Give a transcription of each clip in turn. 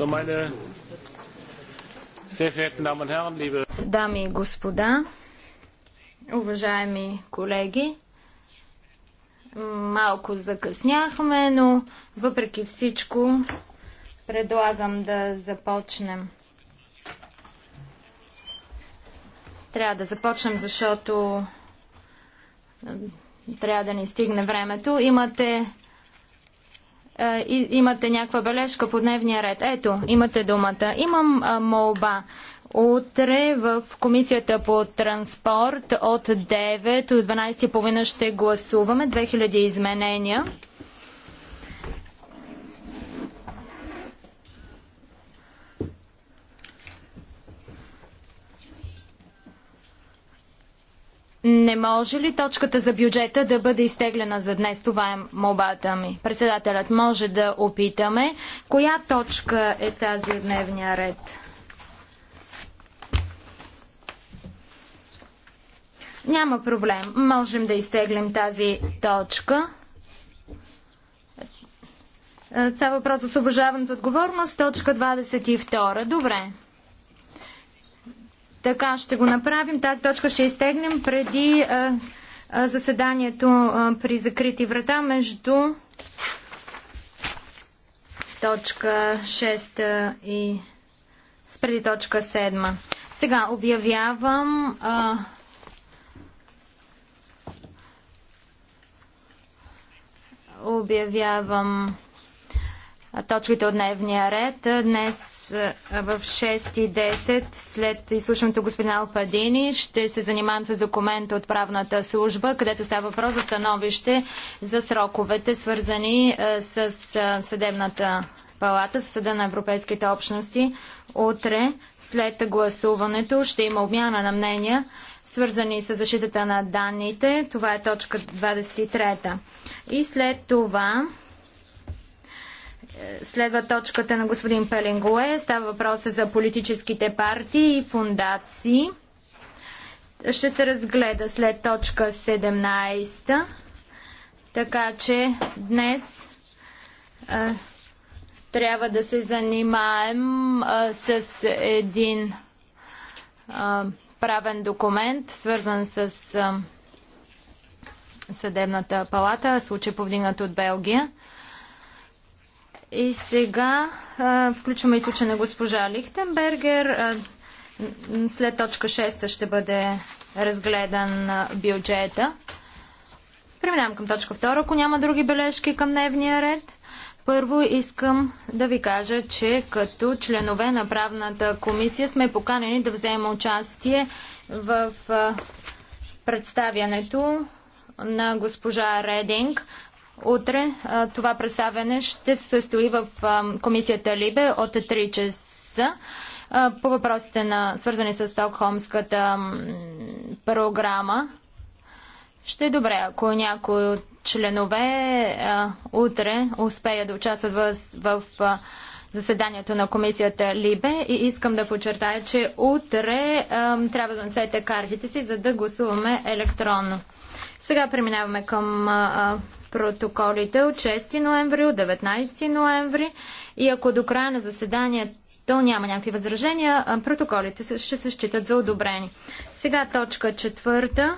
So, meine sehr verehrten Damen und Herren, liebe Дами и господа, уважаеми колеги, малко закъсняхме, но въпреки всичко предлагам да започнем. Трябва да започнем, защото трябва да ни стигне времето. Имате е, и имате някаква бележка по дневния ред. Ето, имате думата. Имам молба. Утре в Комисията по транспорт от 9 до 12.30 ще гласуваме 2000 изменения. Не може ли точката за бюджета да бъде изтеглена за днес? Това е молбата ми. Председателят може да опитаме. Коя точка е тази дневния ред? Няма проблем. Можем да изтеглим тази точка. Е, това е въпрос за освобождаването отговорност, точка 22. Добре. Така ще го направим. Тази точка ще изтегнем преди а, а, заседанието а, при закрити врата между точка 6 и преди точка 7. Сега обявявам а, обявявам точките от дневния ред. Днес в 6.10 след изслушването господин Алпадини ще се занимавам с документа от правната служба, където става въпрос за становище за сроковете, свързани с съдебната палата, с съда на европейските общности. Утре, след гласуването, ще има обмяна на мнения, свързани с защитата на данните. Това е точка 23. И след това Следва точката на господин Пеленгое. Става въпроса за политическите партии и фундации. Ще се разгледа след точка 17. Така че днес а, трябва да се занимаем а, с един а, правен документ, свързан с съдебната палата, случай повдигнат от Белгия. И сега а, включваме и на госпожа Лихтенбергер. А, след точка 6 ще бъде разгледан бюджета. Преминавам към точка 2, ако няма други бележки към дневния ред. Първо искам да ви кажа, че като членове на правната комисия сме поканени да вземем участие в представянето на госпожа Рединг Утре а, това представяне ще се състои в а, комисията Либе от 3 часа а, по въпросите на свързани с Стокхолмската програма. Ще е добре, ако някои от членове утре успеят да участват в, в заседанието на комисията Либе и искам да подчертая, че утре трябва да носете картите си, за да гласуваме електронно. Сега преминаваме към протоколите от 6 ноември, от 19 ноември и ако до края на заседанието то няма някакви възражения, протоколите ще се считат за одобрени. Сега точка четвърта.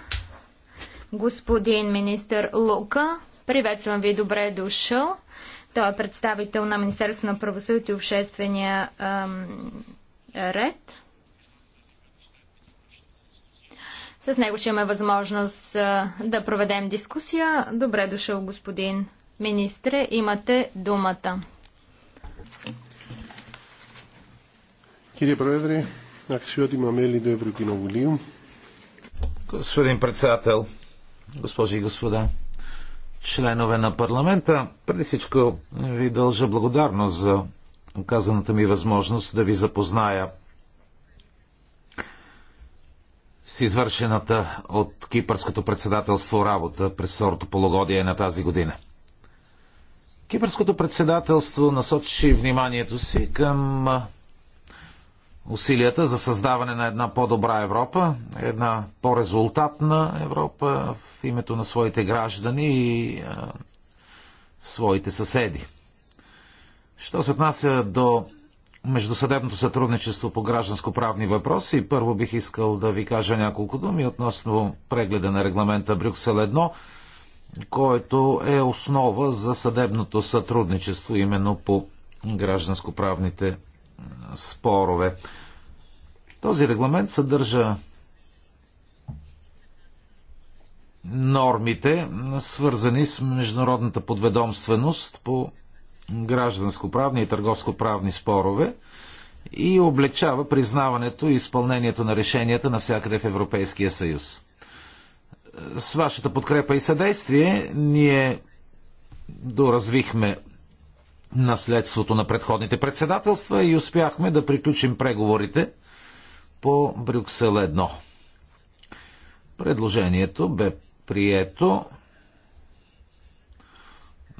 Господин министър Лука, приветствам ви, добре е дошъл. Той е представител на Министерство на правосъдието и обществения ам, ред. С него ще имаме възможност да проведем дискусия. Добре дошъл, господин министре. Имате думата. Κύριε Πρόεδρε, αξιότιμα μέλη του Ευρωκοινοβουλίου. Господин председател, госпожи и господа, членове на парламента, преди всичко ви дължа благодарност за оказаната ми възможност да ви запозная с извършената от кипърското председателство работа през второто полугодие на тази година. Кипърското председателство насочи вниманието си към усилията за създаване на една по-добра Европа, една по-резултатна Европа в името на своите граждани и а, своите съседи. Що се отнася до междусъдебното сътрудничество по гражданско-правни въпроси. Първо бих искал да ви кажа няколко думи относно прегледа на регламента Брюксел 1, който е основа за съдебното сътрудничество именно по гражданско-правните спорове. Този регламент съдържа нормите, свързани с международната подведомственост по гражданско-правни и търговско-правни спорове и облегчава признаването и изпълнението на решенията навсякъде в Европейския съюз. С вашата подкрепа и съдействие ние доразвихме наследството на предходните председателства и успяхме да приключим преговорите по Брюксел 1. Предложението бе прието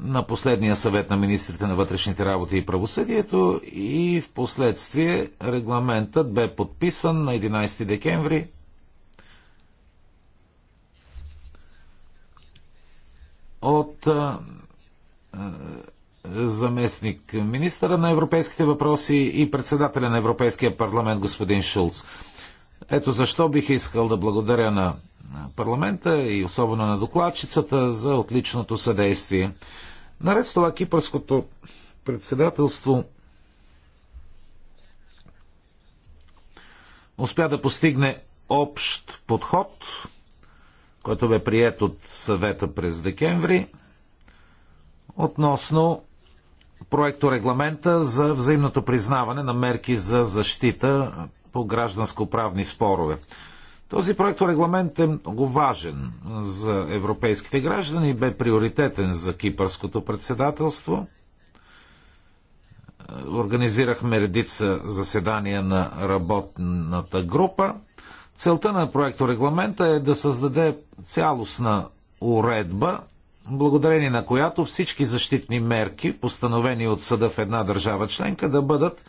на последния съвет на министрите на вътрешните работи и правосъдието и в последствие регламентът бе подписан на 11 декември от заместник министъра на европейските въпроси и председателя на Европейския парламент господин Шулц. Ето защо бих искал да благодаря на парламента и особено на докладчицата за отличното съдействие. Наред с това кипърското председателство успя да постигне общ подход, който бе прият от съвета през декември, относно проекто регламента за взаимното признаване на мерки за защита по гражданско-правни спорове. Този проект регламент е много важен за европейските граждани и бе приоритетен за кипърското председателство. Организирахме редица заседания на работната група. Целта на проекто регламента е да създаде цялостна уредба, благодарение на която всички защитни мерки, постановени от съда в една държава членка, да бъдат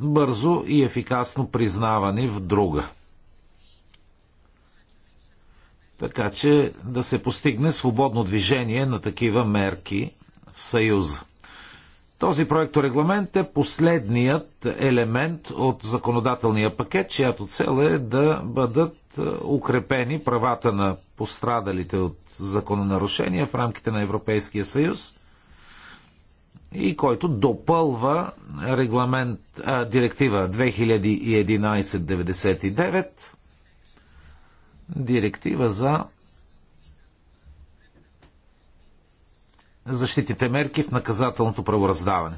бързо и ефикасно признавани в друга така че да се постигне свободно движение на такива мерки в Съюза. Този регламент е последният елемент от законодателния пакет, чиято цел е да бъдат е, укрепени правата на пострадалите от закононарушения в рамките на Европейския съюз и който допълва регламент, а, директива 2011-99 директива за защитите мерки в наказателното правораздаване.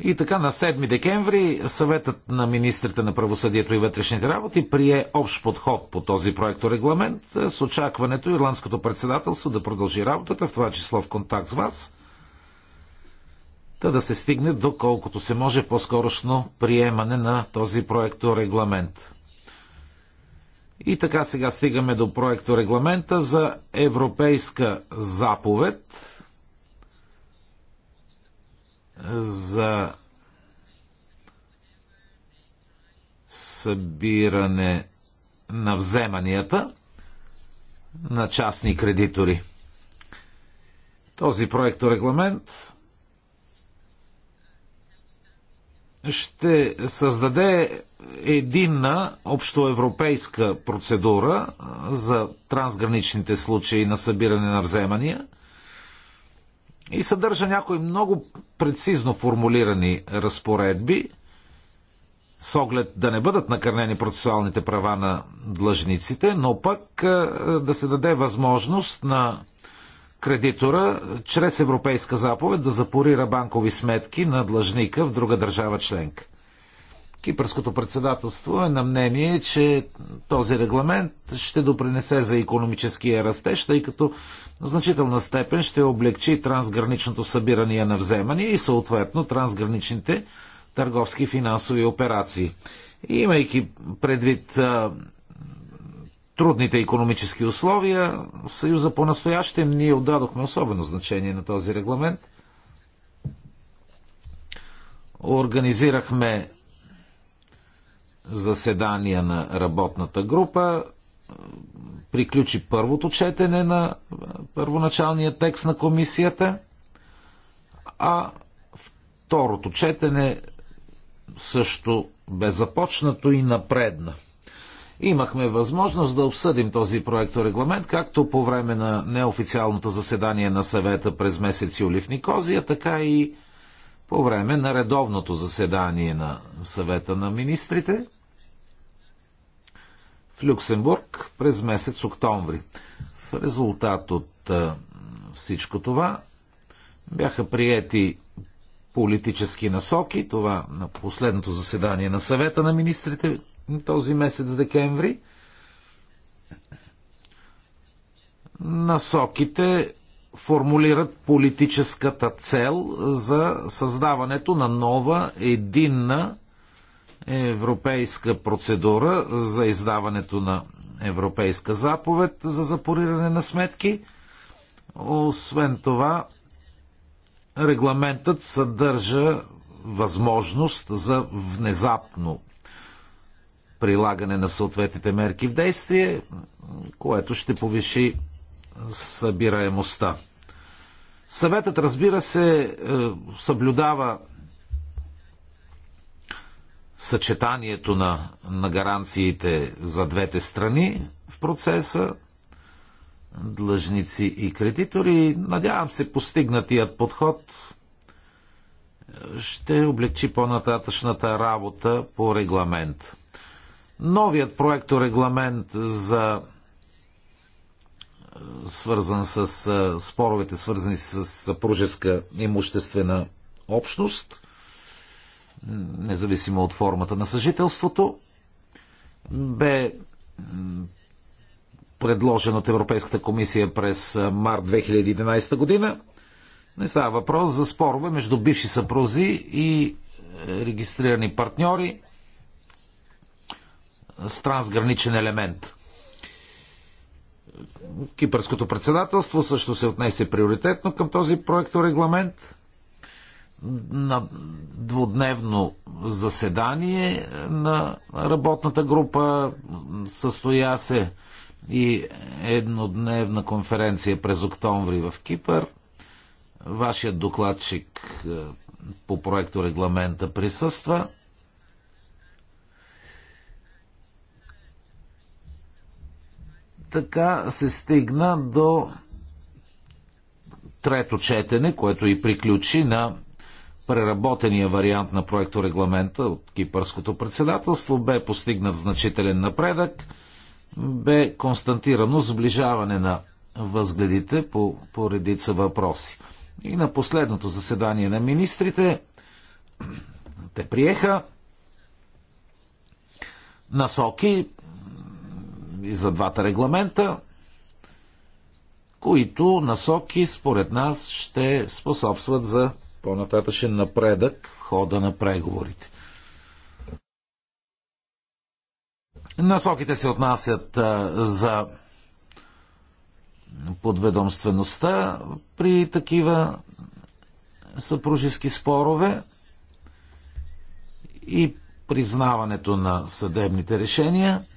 И така на 7 декември съветът на министрите на правосъдието и вътрешните работи прие общ подход по този регламент е, с очакването ирландското председателство да продължи работата, в това число в контакт с вас, та да се стигне доколкото се може по-скорошно приемане на този проекто регламент. И така сега стигаме до проекто регламента за европейска заповед за събиране на вземанията на частни кредитори. Този проекторегламент ще създаде единна общоевропейска процедура за трансграничните случаи на събиране на вземания и съдържа някои много прецизно формулирани разпоредби с оглед да не бъдат накърнени процесуалните права на длъжниците, но пък да се даде възможност на кредитора чрез европейска заповед да запорира банкови сметки на длъжника в друга държава членка. Кипърското председателство е на мнение, че този регламент ще допринесе за економическия растеж, тъй като в значителна степен ще облегчи трансграничното събиране на вземания и съответно трансграничните търговски финансови операции. И имайки предвид трудните економически условия, в Съюза по-настоящем ние отдадохме особено значение на този регламент. Организирахме заседания на работната група, приключи първото четене на първоначалния текст на комисията, а второто четене също бе започнато и напредна – Имахме възможност да обсъдим този проект регламент, както по време на неофициалното заседание на съвета през месец юли в Никозия, така и по време на редовното заседание на съвета на министрите в Люксембург през месец октомври. В резултат от всичко това бяха приети политически насоки, това на последното заседание на съвета на министрите този месец декември. Насоките формулират политическата цел за създаването на нова единна европейска процедура за издаването на европейска заповед за запориране на сметки. Освен това, регламентът съдържа възможност за внезапно прилагане на съответните мерки в действие, което ще повиши събираемостта. Съветът, разбира се, е, съблюдава съчетанието на, на гаранциите за двете страни в процеса, длъжници и кредитори. Надявам се, постигнатият подход е, ще облегчи по-нататъчната работа по регламент. Новият проекторегламент за е, свързан с е, споровете, свързани с пружеска имуществена общност, независимо от формата на съжителството, бе предложен от Европейската комисия през е, март 2011 година. Не става въпрос за спорове между бивши съпрузи и регистрирани партньори с трансграничен елемент. Кипърското председателство също се отнесе приоритетно към този регламент. На двудневно заседание на работната група състоя се и еднодневна конференция през октомври в Кипър. Вашият докладчик е, по проекто регламента присъства – така се стигна до трето четене, което и приключи на преработения вариант на проекто регламента от Кипърското председателство, бе постигнат значителен напредък, бе константирано сближаване на възгледите по, по редица въпроси. И на последното заседание на министрите те приеха насоки и за двата регламента, които насоки според нас ще способстват за по-нататъчен напредък в хода на преговорите. Насоките се отнасят за подведомствеността при такива съпружески спорове и признаването на съдебните решения –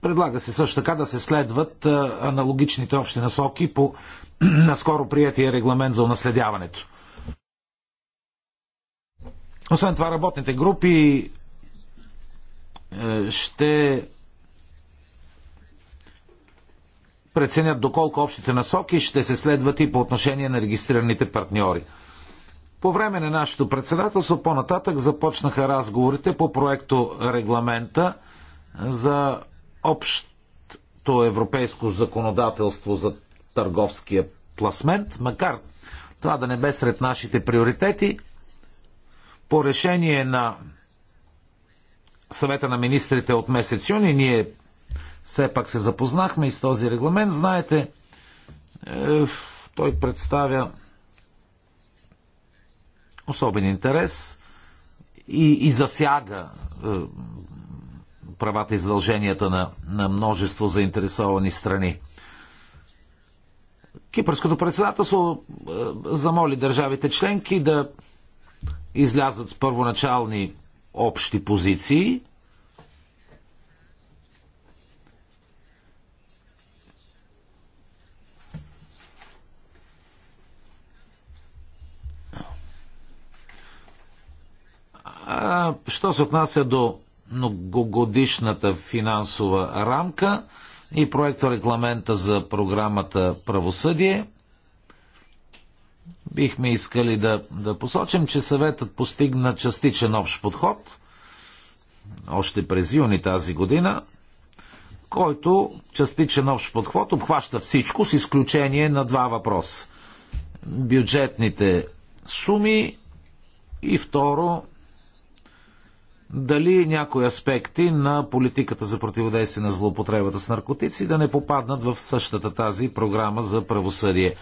Предлага се също така да се следват аналогичните общи насоки по наскоро приятия регламент за унаследяването. Освен това, работните групи е, ще преценят доколко общите насоки ще се следват и по отношение на регистрираните партньори. По време на нашето председателство по-нататък започнаха разговорите по проекто регламента – за общото европейско законодателство за търговския пласмент, макар това да не бе сред нашите приоритети, по решение на съвета на министрите от месец юни, ние все пак се запознахме и с този регламент. Знаете, е, той представя особен интерес и, и засяга е, правата и задълженията на, на множество заинтересовани страни. Кипърското председателство е, замоли държавите членки да излязат с първоначални общи позиции. Що се отнася до многогодишната финансова рамка и проекто рекламента за програмата Правосъдие. Бихме искали да, да посочим, че съветът постигна частичен общ подход още през юни тази година, който частичен общ подход обхваща всичко с изключение на два въпроса. Бюджетните суми и второ дали някои аспекти на политиката за противодействие на злоупотребата с наркотици да не попаднат в същата тази програма за правосъдие.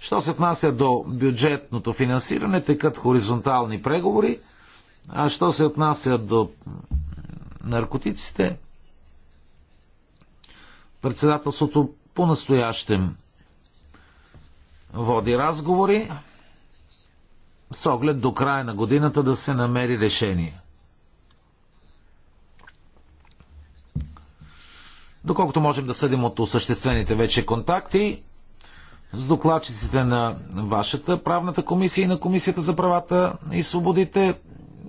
Що се отнася до бюджетното финансиране, текат хоризонтални преговори, а що се отнася до наркотиците, председателството по-настоящем води разговори с оглед до края на годината да се намери решение. Доколкото можем да съдим от осъществените вече контакти с докладчиците на вашата правната комисия и на Комисията за правата и свободите,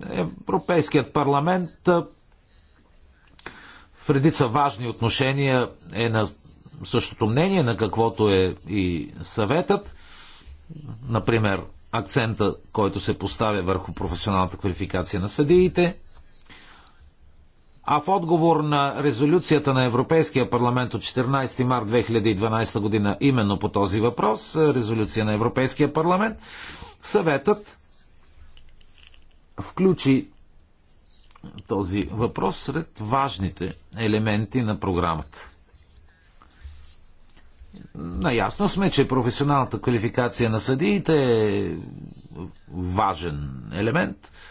Европейският парламент в редица важни отношения е на същото мнение, на каквото е и съветът. Например, акцента, който се поставя върху професионалната квалификация на съдиите – а в отговор на резолюцията на Европейския парламент от 14 март 2012 година именно по този въпрос, е, резолюция на Европейския парламент, съветът включи този въпрос сред важните елементи на програмата. Наясно сме, че професионалната квалификация на съдиите е важен елемент –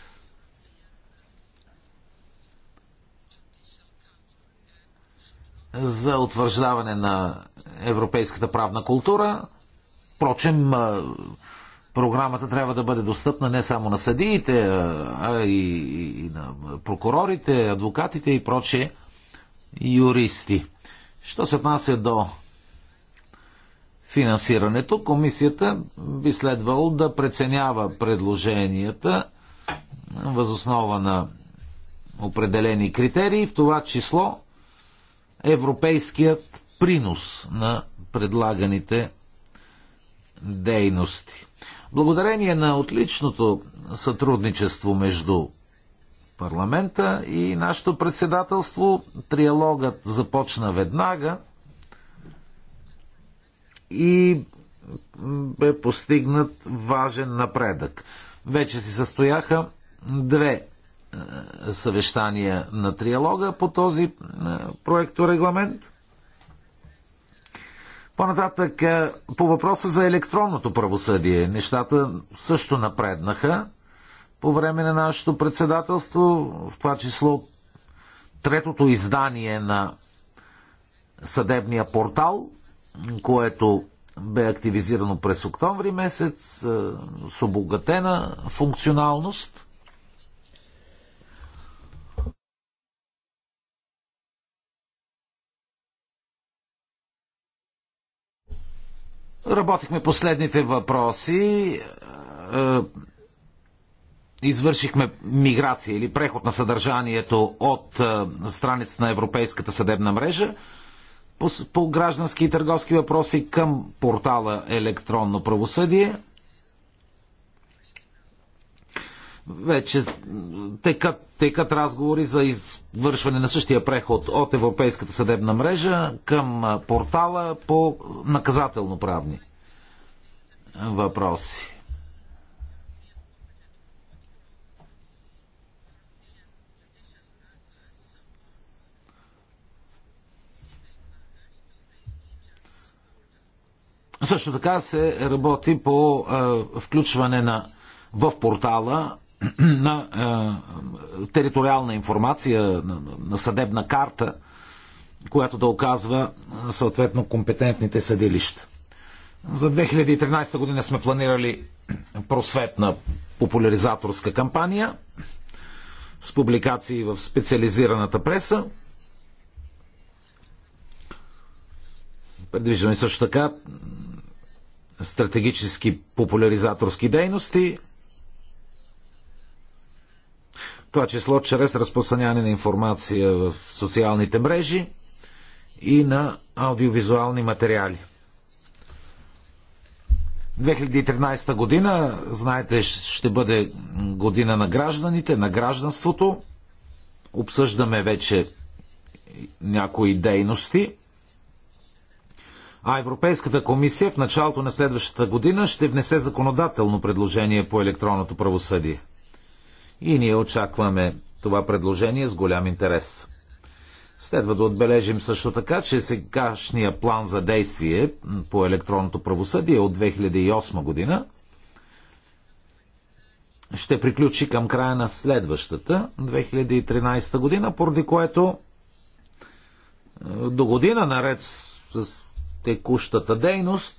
за утвърждаване на европейската правна култура. Впрочем, програмата трябва да бъде достъпна не само на съдиите, а и, на прокурорите, адвокатите и прочие юристи. Що се отнася до финансирането, комисията би следвало да преценява предложенията възоснова на определени критерии, в това число европейският принос на предлаганите дейности. Благодарение на отличното сътрудничество между парламента и нашето председателство, триалогът започна веднага и бе постигнат важен напредък. Вече си състояха две е, съвещания на триалога по този е, проекторегламент. По-нататък, е, по въпроса за електронното правосъдие, нещата също напреднаха по време на нашето председателство, в това число третото издание на съдебния портал, което бе активизирано през октомври месец с обогатена функционалност – Работихме последните въпроси. Е, извършихме миграция или преход на съдържанието от е, страница на Европейската съдебна мрежа по, по граждански и търговски въпроси към портала Електронно правосъдие – вече текат, текат разговори за извършване на същия преход от Европейската съдебна мрежа към портала по наказателно-правни въпроси. Също така се работи по а, включване на в портала на териториална информация, на съдебна карта, която да оказва съответно компетентните съдилища. За 2013 година сме планирали просветна популяризаторска кампания с публикации в специализираната преса. Предвиждаме също така стратегически популяризаторски дейности, това число чрез разпространяване на информация в социалните мрежи и на аудиовизуални материали. 2013 година, знаете, ще бъде година на гражданите, на гражданството. Обсъждаме вече някои дейности. А Европейската комисия в началото на следващата година ще внесе законодателно предложение по електронното правосъдие и ние очакваме това предложение с голям интерес. Следва да отбележим също така, че сегашния план за действие по електронното правосъдие от 2008 година ще приключи към края на следващата 2013 година, поради което е, до година наред с текущата дейност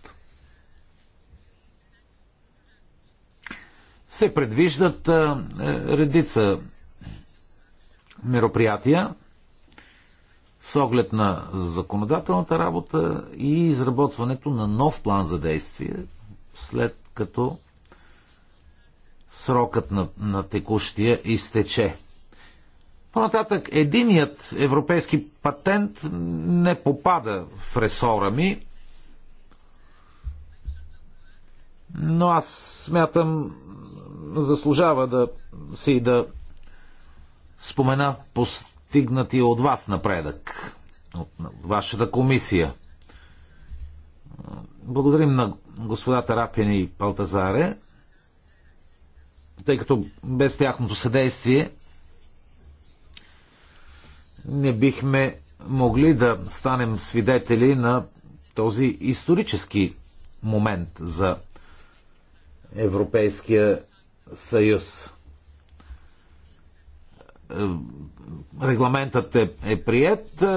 се предвиждат е, редица мероприятия с оглед на законодателната работа и изработването на нов план за действие, след като срокът на, на текущия изтече. Понататък, единият европейски патент не попада в ресора ми, но аз смятам заслужава да си да спомена постигнати от вас напредък, от вашата комисия. Благодарим на господата Рапин и Палтазаре, тъй като без тяхното съдействие не бихме могли да станем свидетели на този исторически момент за Европейския съюз. Е, регламентът е, е прият. Е,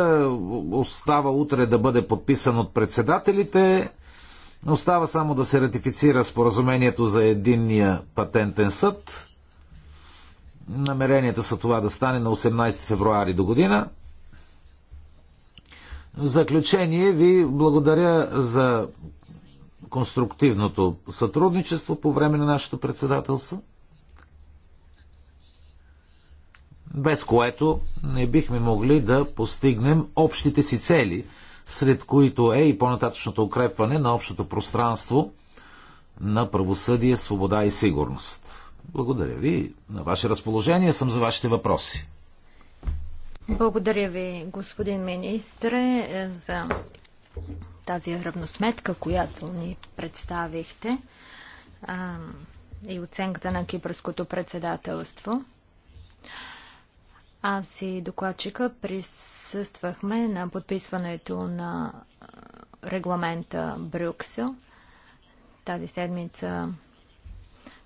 остава утре да бъде подписан от председателите. Остава само да се ратифицира споразумението за единния патентен съд. Намеренията са това да стане на 18 февруари до година. В заключение ви благодаря за конструктивното сътрудничество по време на нашето председателство, без което не бихме могли да постигнем общите си цели, сред които е и по-нататъчното укрепване на общото пространство на правосъдие, свобода и сигурност. Благодаря ви. На ваше разположение съм за вашите въпроси. Благодаря ви, господин министре, за тази равносметка, която ни представихте а, и оценката на кипърското председателство. Аз и докладчика присъствахме на подписването на регламента Брюксел. Тази седмица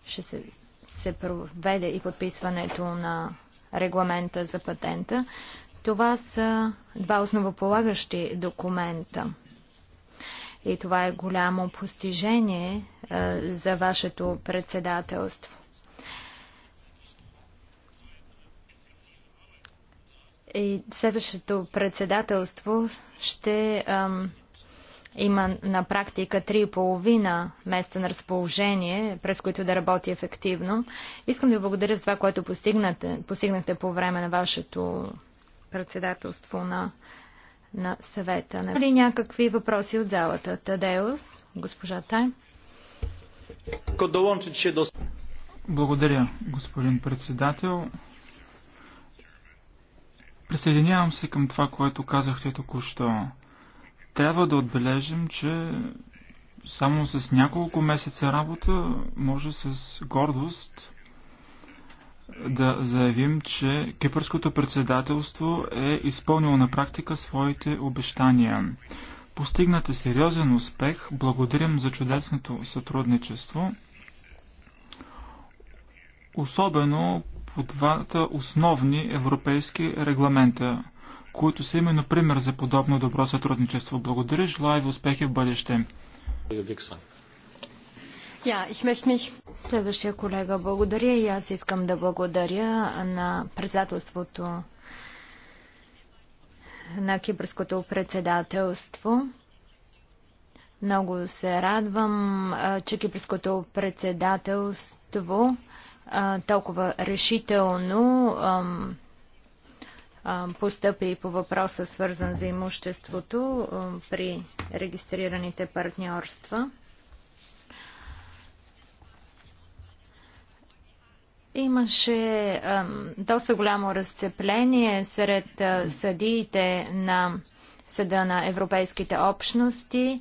ще се, се проведе и подписването на регламента за патента. Това са два основополагащи документа – и това е голямо постижение е, за вашето председателство. И следващото председателство ще ам, има на практика 3,5 места на разположение, през които да работи ефективно. Искам да ви благодаря за това, което постигнахте по време на вашето председателство на на съвета. Има ли някакви въпроси от залата? Тадеус, госпожа Тай. Благодаря, господин председател. Присъединявам се към това, което казахте току-що. Трябва да отбележим, че само с няколко месеца работа може с гордост да заявим, че кипърското председателство е изпълнило на практика своите обещания. Постигнат е сериозен успех. Благодарим за чудесното сътрудничество. Особено по двата основни европейски регламента, които са именно пример за подобно добро сътрудничество. Благодаря, желая ви успехи в бъдеще. Следващия колега, благодаря и аз искам да благодаря на председателството на Кипрското председателство. Много се радвам, че Кипърското председателство толкова решително постъпи по въпроса свързан за имуществото при регистрираните партньорства. Имаше а, доста голямо разцепление сред а, съдиите на Съда на Европейските общности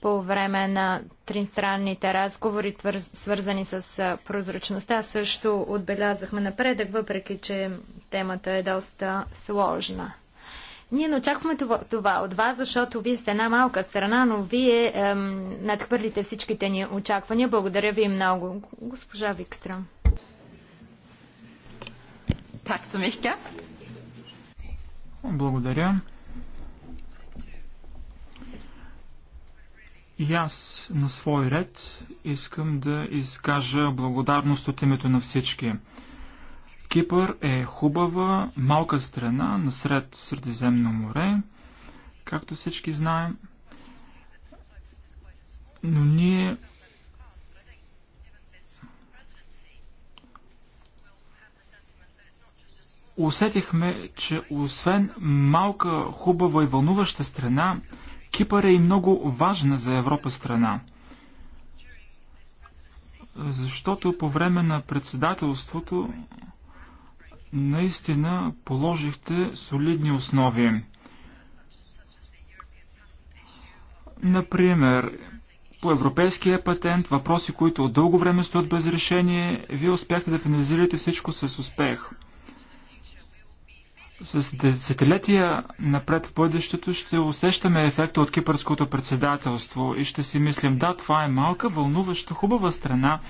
по време на тристранните разговори, свързани с а, прозрачността. Също отбелязахме напредък, въпреки че темата е доста сложна. Ние не очакваме това, това от вас, защото вие сте една малка страна, но вие ем, надхвърлите всичките ни очаквания. Благодаря ви много, госпожа Викстрам. Так, Сумихка. Благодаря. И аз на свой ред искам да изкажа благодарност от името на всички. Кипър е хубава, малка страна насред Средиземно море, както всички знаем. Но ние усетихме, че освен малка, хубава и вълнуваща страна, Кипър е и много важна за Европа страна. Защото по време на председателството наистина положихте солидни основи. Например, по европейския патент, въпроси, които от дълго време стоят без решение, вие успяхте да финализирате всичко с успех. С десетилетия напред в бъдещето ще усещаме ефекта от кипърското председателство и ще си мислим, да, това е малка, вълнуваща, хубава страна,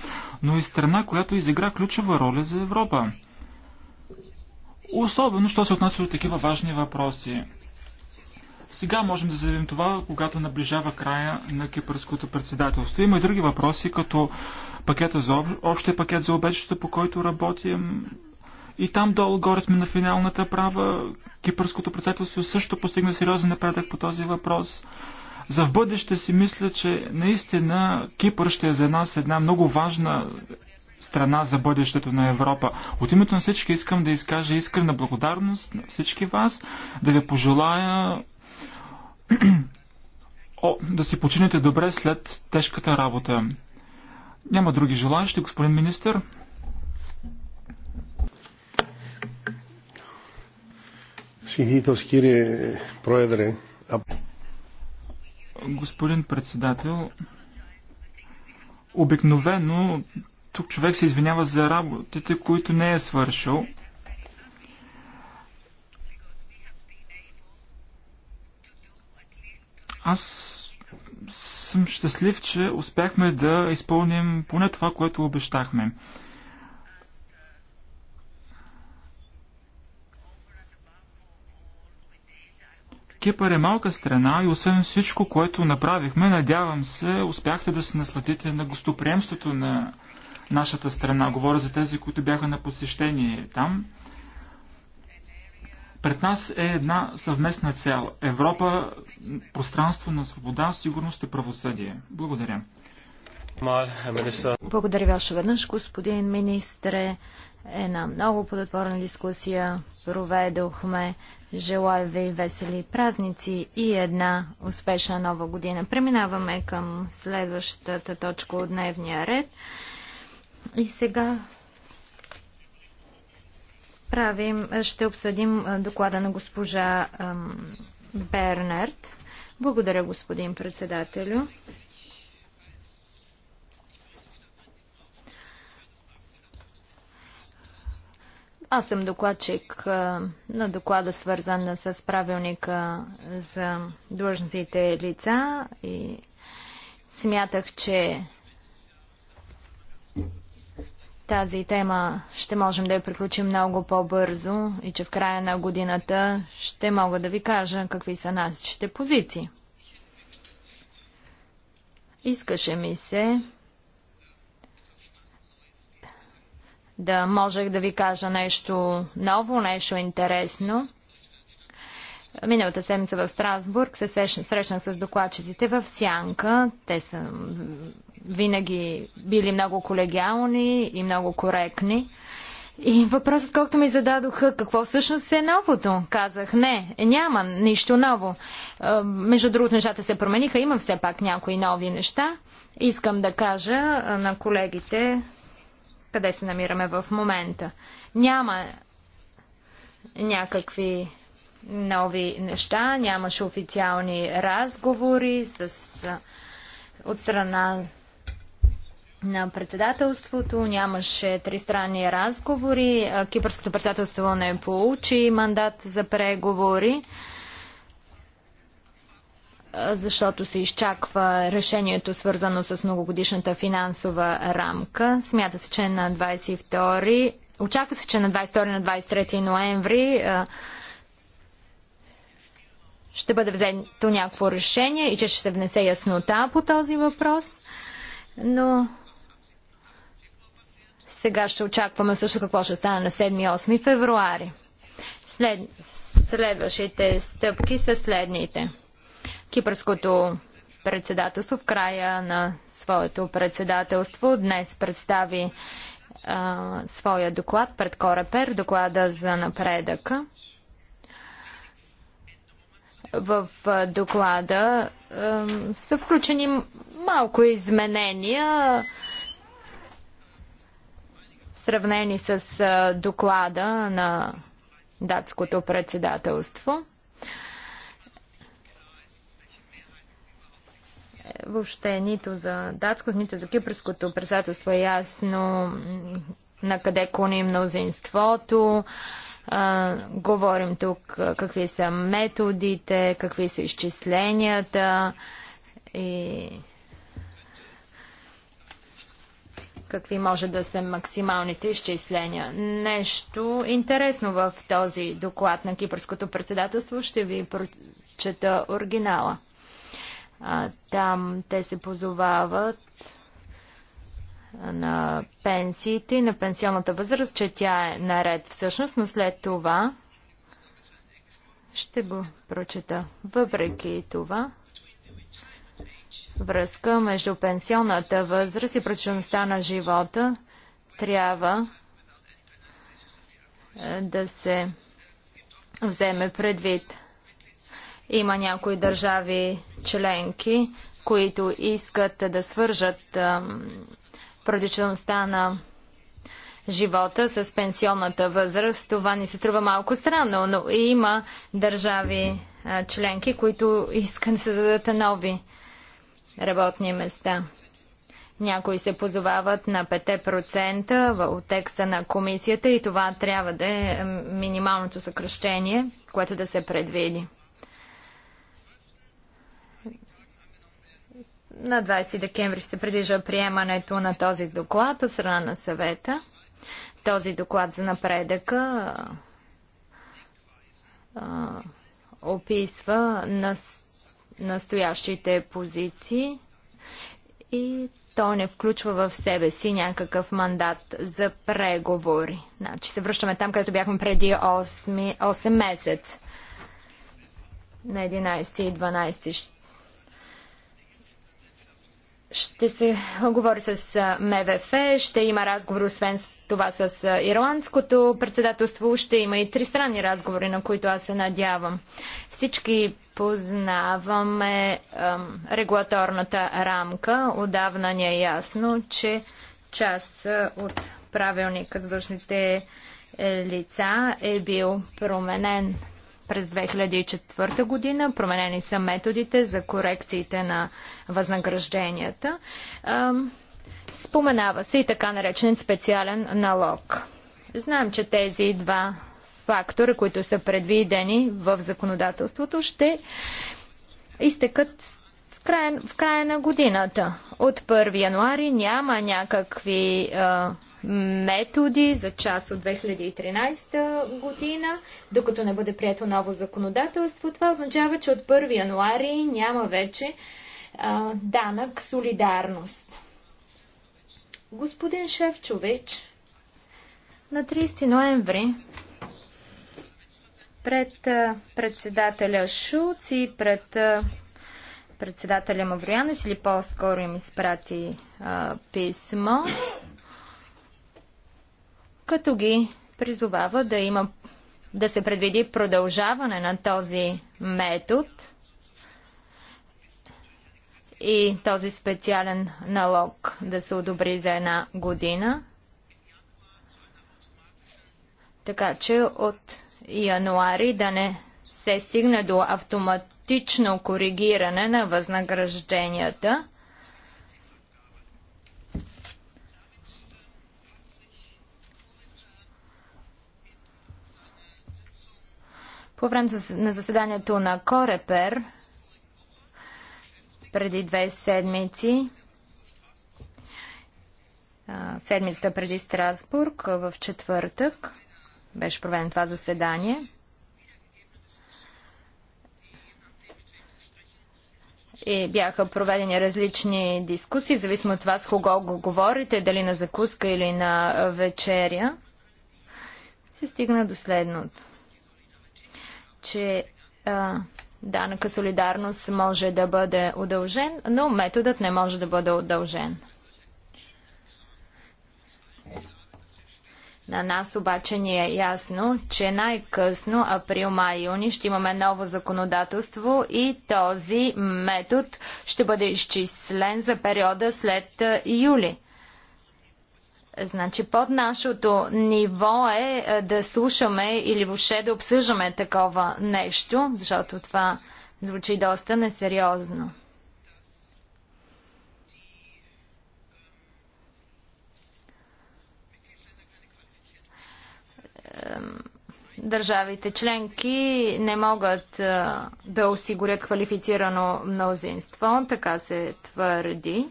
но и страна, която изигра ключова роля за Европа. Особено, що се отнася до такива важни въпроси. Сега можем да заявим това, когато наближава края на кипърското председателство. Има и други въпроси, като пакета за об... общия пакет за обечето, по който работим. И там долу-горе сме на финалната права. Кипърското председателство също постигна сериозен напредък по този въпрос. За в бъдеще си мисля, че наистина Кипър ще е за нас една много важна страна за бъдещето на Европа. От името на всички искам да изкажа искрена благодарност на всички вас, да ви пожелая О, да си почините добре след тежката работа. Няма други желаящи, господин министър. Синитос, кире проедре. Господин председател, обикновено тук човек се извинява за работите, които не е свършил. Аз съм щастлив, че успяхме да изпълним поне това, което обещахме. Кипър е малка страна и освен всичко, което направихме, надявам се, успяхте да се насладите на гостоприемството на нашата страна. Говоря за тези, които бяха на посещение там. Пред нас е една съвместна цел. Европа – пространство на свобода, сигурност и правосъдие. Благодаря. Благодаря ви още веднъж, господин министре. Една много плодотворна дискусия проведохме. Желая ви весели празници и една успешна нова година. Преминаваме към следващата точка от дневния ред. И сега правим, ще обсъдим доклада на госпожа Бернард. Благодаря, господин председателю. Аз съм докладчик на доклада, свързан с правилника за длъжностите лица и смятах, че тази тема ще можем да я приключим много по-бързо и че в края на годината ще мога да ви кажа какви са нашите позиции. Искаше ми се да можех да ви кажа нещо ново, нещо интересно. Миналата седмица в Страсбург се срещнах с докладчиците в Сянка. Те са винаги били много колегиални и много коректни. И въпросът, колкото ми зададоха, какво всъщност е новото? Казах, не, е, няма нищо ново. Между другото, нещата се промениха, има все пак някои нови неща. Искам да кажа на колегите къде се намираме в момента. Няма някакви нови неща, нямаше официални разговори с, от страна на председателството, нямаше тристранни разговори. Кипърското председателство не получи мандат за преговори, защото се изчаква решението свързано с многогодишната финансова рамка. Смята се, че е на 22 Очаква се, че е на 22 на 23 ноември ще бъде взето някакво решение и че ще внесе яснота по този въпрос. Но сега ще очакваме също какво ще стане на 7-8 февруари. След... Следващите стъпки са следните. Кипърското председателство в края на своето председателство днес представи а, своя доклад пред Корепер, доклада за напредъка в доклада са включени малко изменения, сравнени с доклада на датското председателство. Въобще нито за датското, нито за кипърското председателство е ясно на къде клони мнозинството. А, говорим тук какви са методите, какви са изчисленията и какви може да са максималните изчисления. Нещо интересно в този доклад на Кипърското председателство ще ви прочета оригинала. А, там те се позовават на пенсиите и на пенсионната възраст, че тя е наред всъщност, но след това ще го прочета. Въпреки това, връзка между пенсионната възраст и прочността на живота трябва е, да се вземе предвид. Има някои държави членки, които искат да свържат продължителността на живота с пенсионната възраст. Това ни се струва малко странно, но има държави членки, които искат да създадат нови работни места. Някои се позовават на 5% от текста на комисията и това трябва да е минималното съкръщение, което да се предвиди. На 20 декември се предвижда приемането на този доклад от страна на съвета. Този доклад за напредъка описва настоящите позиции и той не включва в себе си някакъв мандат за преговори. Значи се връщаме там, където бяхме преди 8, 8 месец. На 11 и 12 ще се говори с МВФ, ще има разговори освен с това с ирландското председателство, ще има и тристранни разговори, на които аз се надявам. Всички познаваме ем, регулаторната рамка. Отдавна ни е ясно, че част от правилника за длъжните е, лица е бил променен през 2004 година променени са методите за корекциите на възнагражденията. Споменава се и така наречен специален налог. Знаем, че тези два фактора, които са предвидени в законодателството, ще изтекат в края на годината. От 1 януари няма някакви а, методи за част от 2013 година, докато не бъде прието ново законодателство. Това означава, че от 1 януари няма вече а, данък солидарност. Господин Шевчович, на 30 ноември пред а, председателя Шуц и пред а, председателя Мавриянес или по-скоро им изпрати а, писмо като ги призовава да има да се предвиди продължаване на този метод и този специален налог да се одобри за една година. Така че от януари да не се стигне до автоматично коригиране на възнагражденията По време на заседанието на Корепер преди две седмици, седмицата преди Страсбург, в четвъртък, беше проведено това заседание. И бяха проведени различни дискусии, зависимо от това с кого го говорите, дали на закуска или на вечеря. Се стигна до следното че а, данъка солидарност може да бъде удължен, но методът не може да бъде удължен. На нас обаче ни е ясно, че най-късно април, май, юни ще имаме ново законодателство и този метод ще бъде изчислен за периода след юли. Значи под нашото ниво е, е да слушаме или въобще да обсъждаме такова нещо, защото това звучи доста несериозно. Държавите членки не могат е, да осигурят квалифицирано мнозинство, така се твърди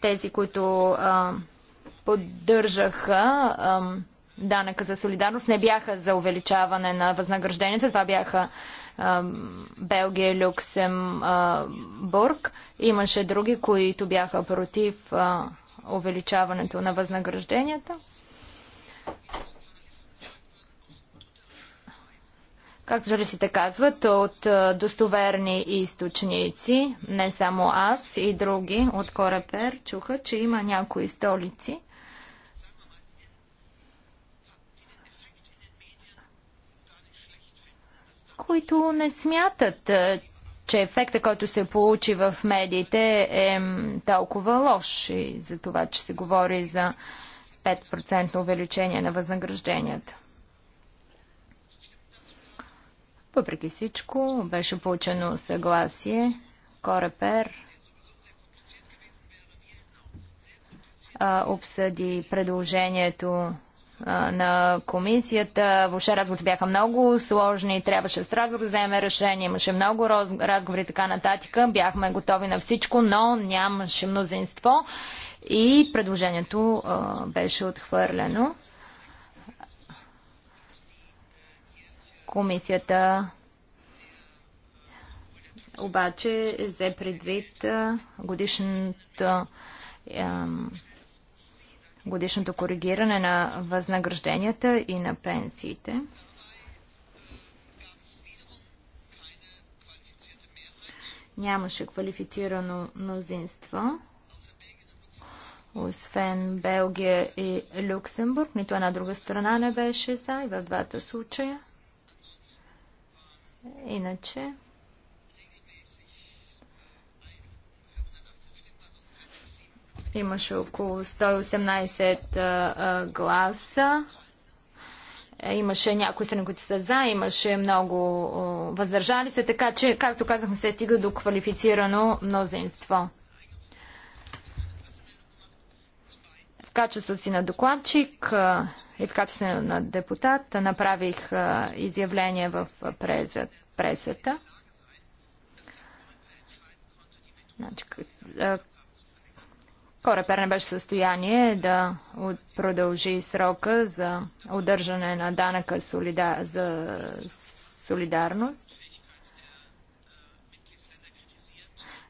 тези, които а, поддържаха а, данъка за солидарност, не бяха за увеличаване на възнагражденията. Това бяха а, Белгия, Люксембург. Имаше други, които бяха против увеличаването на възнагражденията. както журналистите казват, от достоверни източници, не само аз и други от Корепер, чуха, че има някои столици, които не смятат, че ефекта, който се получи в медиите е толкова лош и за това, че се говори за 5% увеличение на възнагражденията. Въпреки всичко, беше получено съгласие. Корепер обсъди предложението на комисията. Въобще разговорите бяха много сложни. Трябваше с разговор да вземе решение. Имаше много разговори така нататика. Бяхме готови на всичко, но нямаше мнозинство и предложението беше отхвърлено. Комисията обаче взе предвид годишното, годишното коригиране на възнагражденията и на пенсиите. Нямаше квалифицирано мнозинство. Освен Белгия и Люксембург, нито една друга страна не беше за и в двата случая. Иначе имаше около 118 гласа. Е, имаше някои страни, които са за, имаше много въздържали се, така че, както казахме, се стига до квалифицирано мнозинство. качеството си на докладчик и в качеството на депутат направих изявление в пресата. Значи, корепер не беше в състояние да продължи срока за удържане на данъка за солидарност.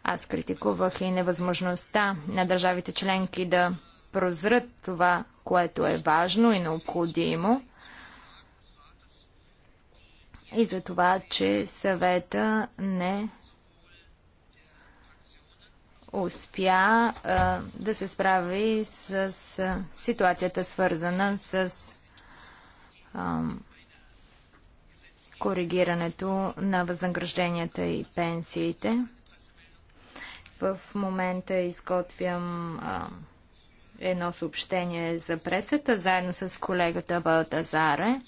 Аз критикувах и невъзможността на държавите членки да прозрат това, което е важно и необходимо. И за това, че съвета не успя а, да се справи с, с ситуацията, свързана с а, коригирането на възнагражденията и пенсиите. В момента изготвям а, едно съобщение за пресата, заедно с колегата Балтазаре.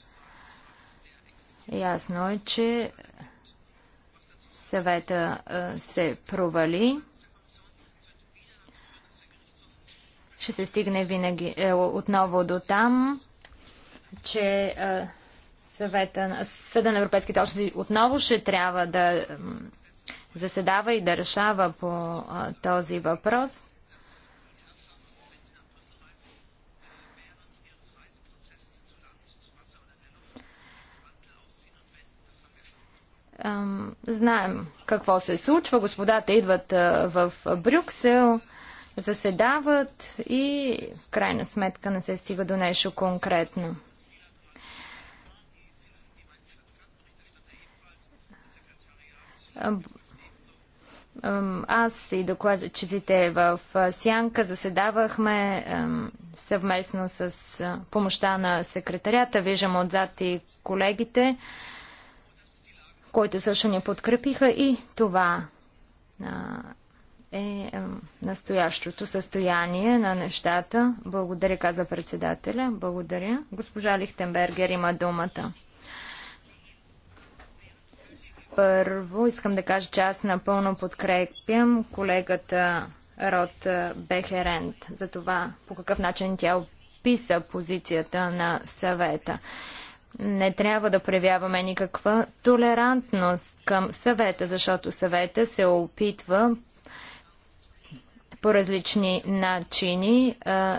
Ясно е, че съвета се провали. Ще се стигне винаги е, отново до там, че е, съвета, съда на европейските общности отново ще трябва да заседава и да решава по този въпрос. Ам, знаем какво се случва. Господата идват а, в Брюксел, заседават и в крайна сметка не се стига до нещо конкретно. аз и докладчиците в Сянка заседавахме съвместно с помощта на секретарята. Виждам отзад и колегите който също ни подкрепиха и това а, е настоящото състояние на нещата. Благодаря, каза председателя. Благодаря. Госпожа Лихтенбергер има думата. Първо искам да кажа, че аз напълно подкрепям колегата Рот Бехерент за това по какъв начин тя описа позицията на съвета не трябва да проявяваме никаква толерантност към съвета, защото съвета се опитва по различни начини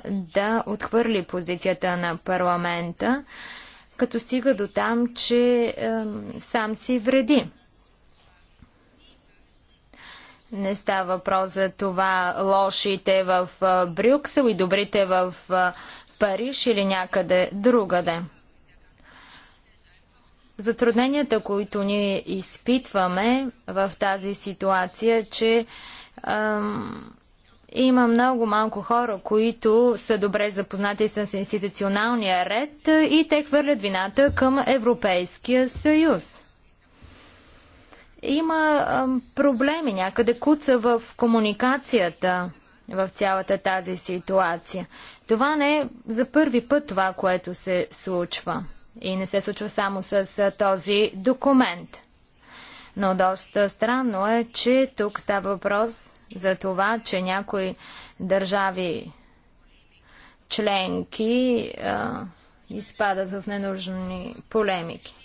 да отхвърли позицията на парламента, като стига до там, че сам си вреди. Не става въпрос за това лошите в Брюксел и добрите в Париж или някъде другаде. Затрудненията, които ние изпитваме в тази ситуация, че ам, има много малко хора, които са добре запознати с институционалния ред и те хвърлят вината към Европейския съюз. Има проблеми, някъде куца в комуникацията в цялата тази ситуация. Това не е за първи път това, което се случва и не се случва само с този документ. Но доста странно е, че тук става въпрос за това, че някои държави членки а, изпадат в ненужни полемики.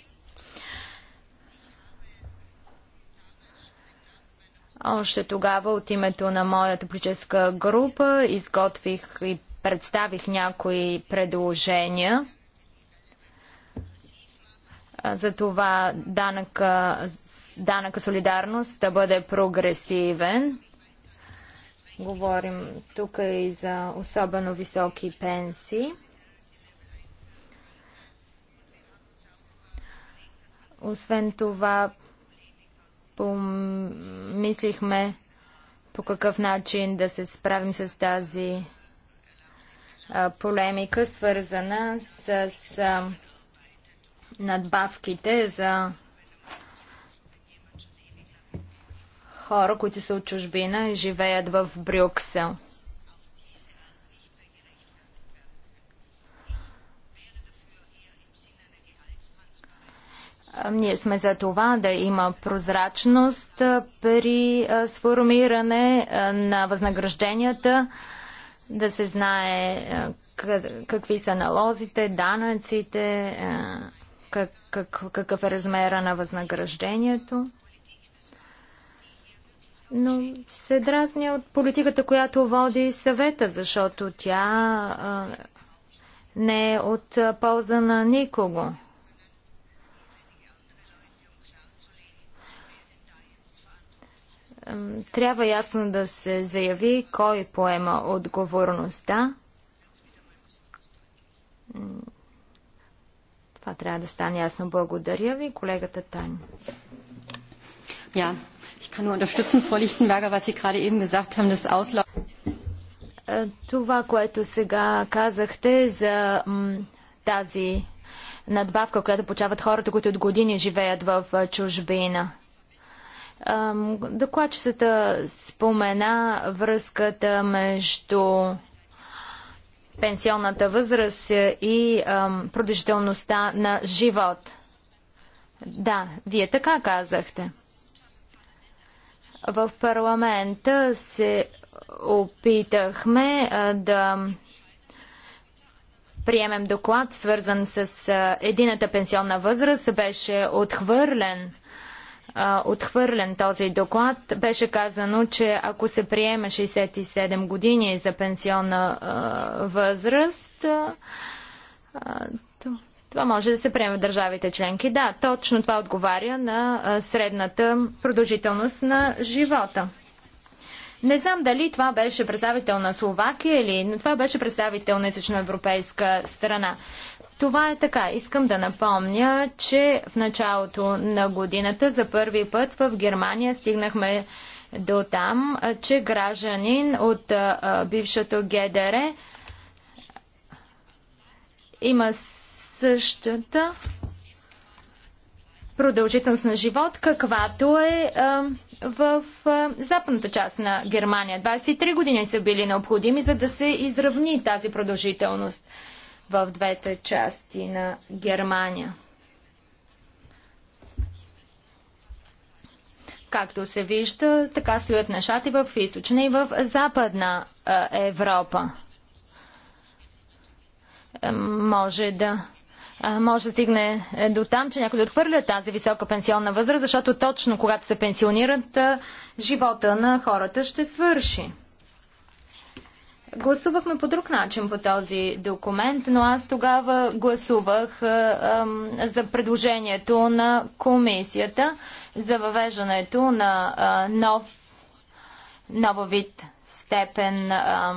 Още тогава от името на моята политическа група изготвих и представих някои предложения за това данъка, данъка солидарност да бъде прогресивен. Говорим тук и за особено високи пенсии. Освен това, помислихме по какъв начин да се справим с тази а, полемика, свързана с а, надбавките за хора, които са от чужбина и живеят в Брюксел. Ние сме за това да има прозрачност при сформиране на възнагражденията, да се знае какви са налозите, данъците, как, какъв е размера на възнаграждението. Но се дразня от политиката, която води съвета, защото тя а, не е от полза на никого. Трябва ясно да се заяви кой поема отговорността. Това трябва да стане ясно. Благодаря ви, колегата Тани. Ja, ich kann nur unterstützen, Frau Lichtenberger, was Sie gerade eben gesagt haben, das Auslaufen. Е, това, което сега казахте за тази надбавка, която получават хората, които от години живеят в е, чужбина. Докладчицата спомена връзката между пенсионната възраст е, и продължителността на живот. Да, вие така казахте. В парламента се опитахме а, да приемем доклад, свързан с а, едината пенсионна възраст, беше отхвърлен отхвърлен този доклад, беше казано, че ако се приеме 67 години за пенсионна възраст, това може да се приеме в държавите членки. Да, точно това отговаря на средната продължителност на живота. Не знам дали това беше представител на Словакия или, но това беше представител на източноевропейска страна. Това е така. Искам да напомня, че в началото на годината за първи път в Германия стигнахме до там, че гражданин от бившото ГДР има същата продължителност на живот, каквато е в западната част на Германия. 23 години са били необходими, за да се изравни тази продължителност в двете части на Германия. Както се вижда, така стоят нещата и в източна и в западна Европа. Е, може да може да стигне до там, че някой да отхвърля тази висока пенсионна възраст, защото точно когато се пенсионират, живота на хората ще свърши гласувахме по друг начин по този документ, но аз тогава гласувах а, за предложението на комисията за въвеждането на а, нов, нова вид степен а,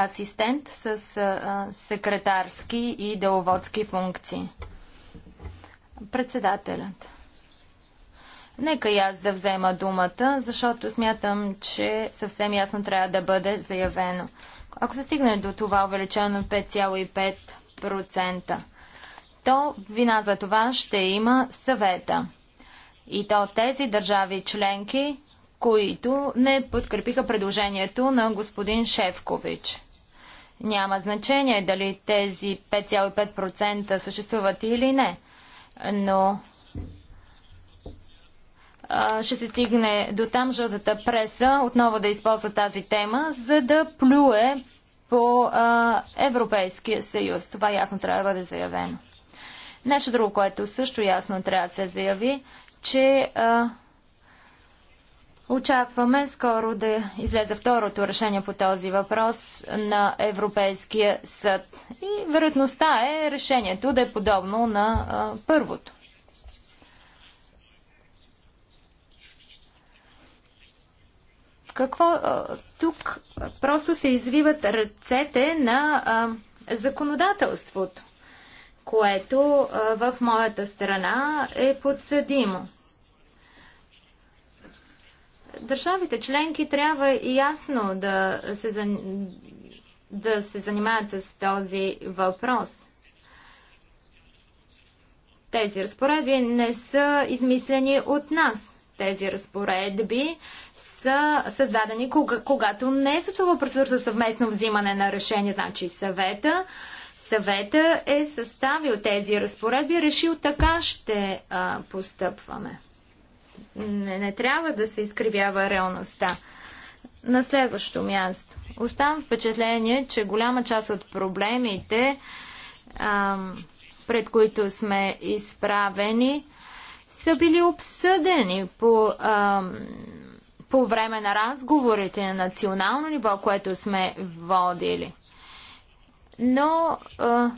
асистент с а, секретарски и деловодски функции. Председателят. Нека и аз да взема думата, защото смятам, че съвсем ясно трябва да бъде заявено. Ако се стигне до това увеличено 5,5%, то вина за това ще има съвета. И то тези държави членки, които не подкрепиха предложението на господин Шевкович. Няма значение дали тези 5,5% съществуват или не, но ще се стигне до там жълтата преса отново да използва тази тема, за да плюе по а, Европейския съюз. Това ясно трябва да бъде заявено. Нещо друго, което също ясно трябва да се заяви, че а, очакваме скоро да излезе второто решение по този въпрос на Европейския съд. И вероятността е решението да е подобно на а, първото. Какво тук просто се извиват ръцете на законодателството, което в моята страна е подсъдимо. Държавите членки трябва ясно да се, да се занимават с този въпрос тези разпоредби не са измислени от нас. Тези разпоредби са създадени, кога, когато не е съчува процедура за съвместно взимане на решение, значи съвета. Съвета е съставил тези разпоредби, решил така ще а, постъпваме. Не, не трябва да се изкривява реалността. На следващо място. Оставам впечатление, че голяма част от проблемите, а, пред които сме изправени, са били обсъдени по а, по време на разговорите на национално ниво, което сме водили. Но а,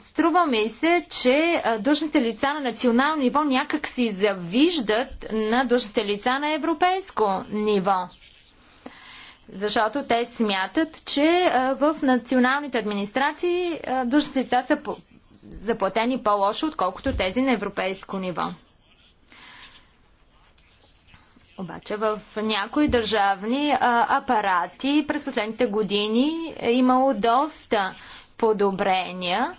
струва ми се, че душните лица на национално ниво някак си завиждат на душните лица на европейско ниво. Защото те смятат, че а, в националните администрации душните лица са по заплатени по-лошо, отколкото тези на европейско ниво. Обаче в някои държавни а, апарати през последните години е имало доста подобрения.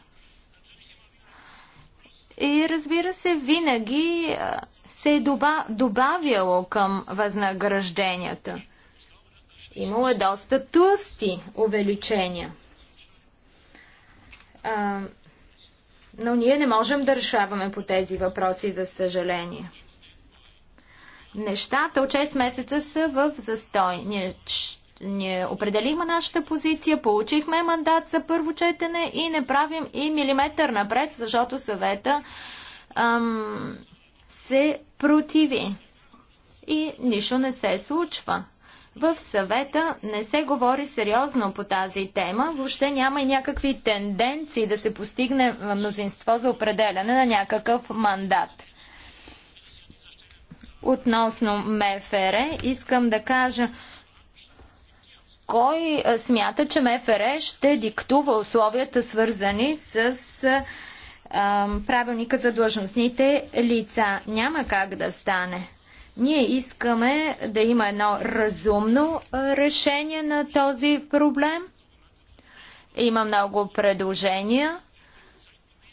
И разбира се, винаги а, се е добавяло към възнагражденията. Имало е доста тъсти увеличения. А, но ние не можем да решаваме по тези въпроси, за съжаление нещата от 6 месеца са в застой. Ние, ние определихме нашата позиция, получихме мандат за първо четене и не правим и милиметър напред, защото съвета ам, се противи. И нищо не се случва. В съвета не се говори сериозно по тази тема. Въобще няма и някакви тенденции да се постигне мнозинство за определяне на някакъв мандат. Относно МФР, искам да кажа, кой смята, че МФР ще диктува условията, свързани с правилника за длъжностните лица. Няма как да стане. Ние искаме да има едно разумно решение на този проблем. Има много предложения,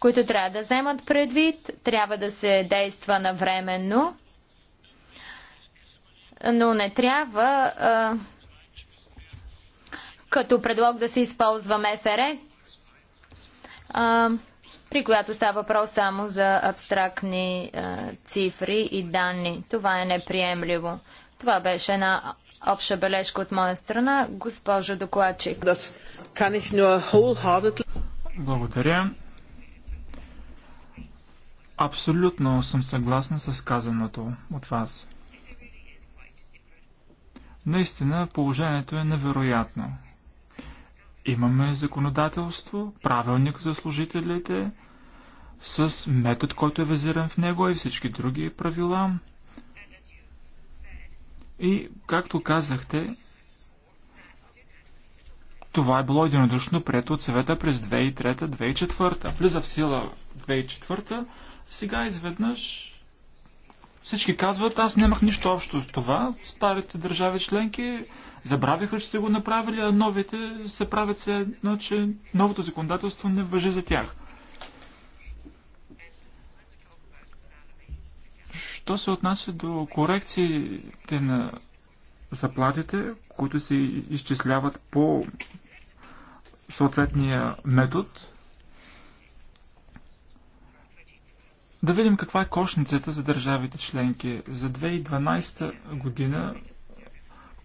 които трябва да вземат предвид. Трябва да се действа навременно но не трябва а, като предлог да се използва МФР, при която става въпрос само за абстрактни а, цифри и данни. Това е неприемливо. Това беше една обща бележка от моя страна, госпожо докладчик. Благодаря. Абсолютно съм съгласна с казаното от вас. Наистина положението е невероятно. Имаме законодателство, правилник за служителите, с метод, който е визиран в него и всички други правила. И, както казахте, това е било единодушно прието от съвета през 2003-2004. Влиза в сила 2004, сега изведнъж всички казват, аз нямах нищо общо с това. Старите държави членки забравиха, че са го направили, а новите се правят се едно, че новото законодателство не въжи за тях. Що се отнася до корекциите на заплатите, които се изчисляват по съответния метод, Да видим каква е кошницата за държавите членки. За 2012 година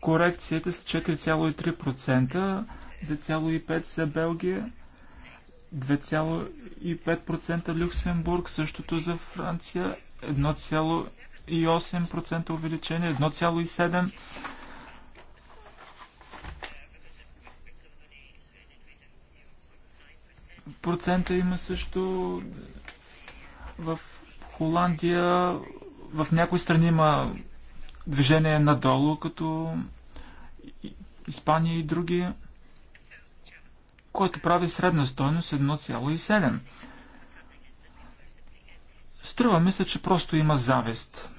корекцията с 4,3%, 2,5% за Белгия, 2,5% Люксембург, същото за Франция, 1,8% увеличение, 1,7% процента има също в Холандия в някои страни има движение надолу, като Испания и други, което прави средна стойност 1,7. Струва мисля, че просто има завист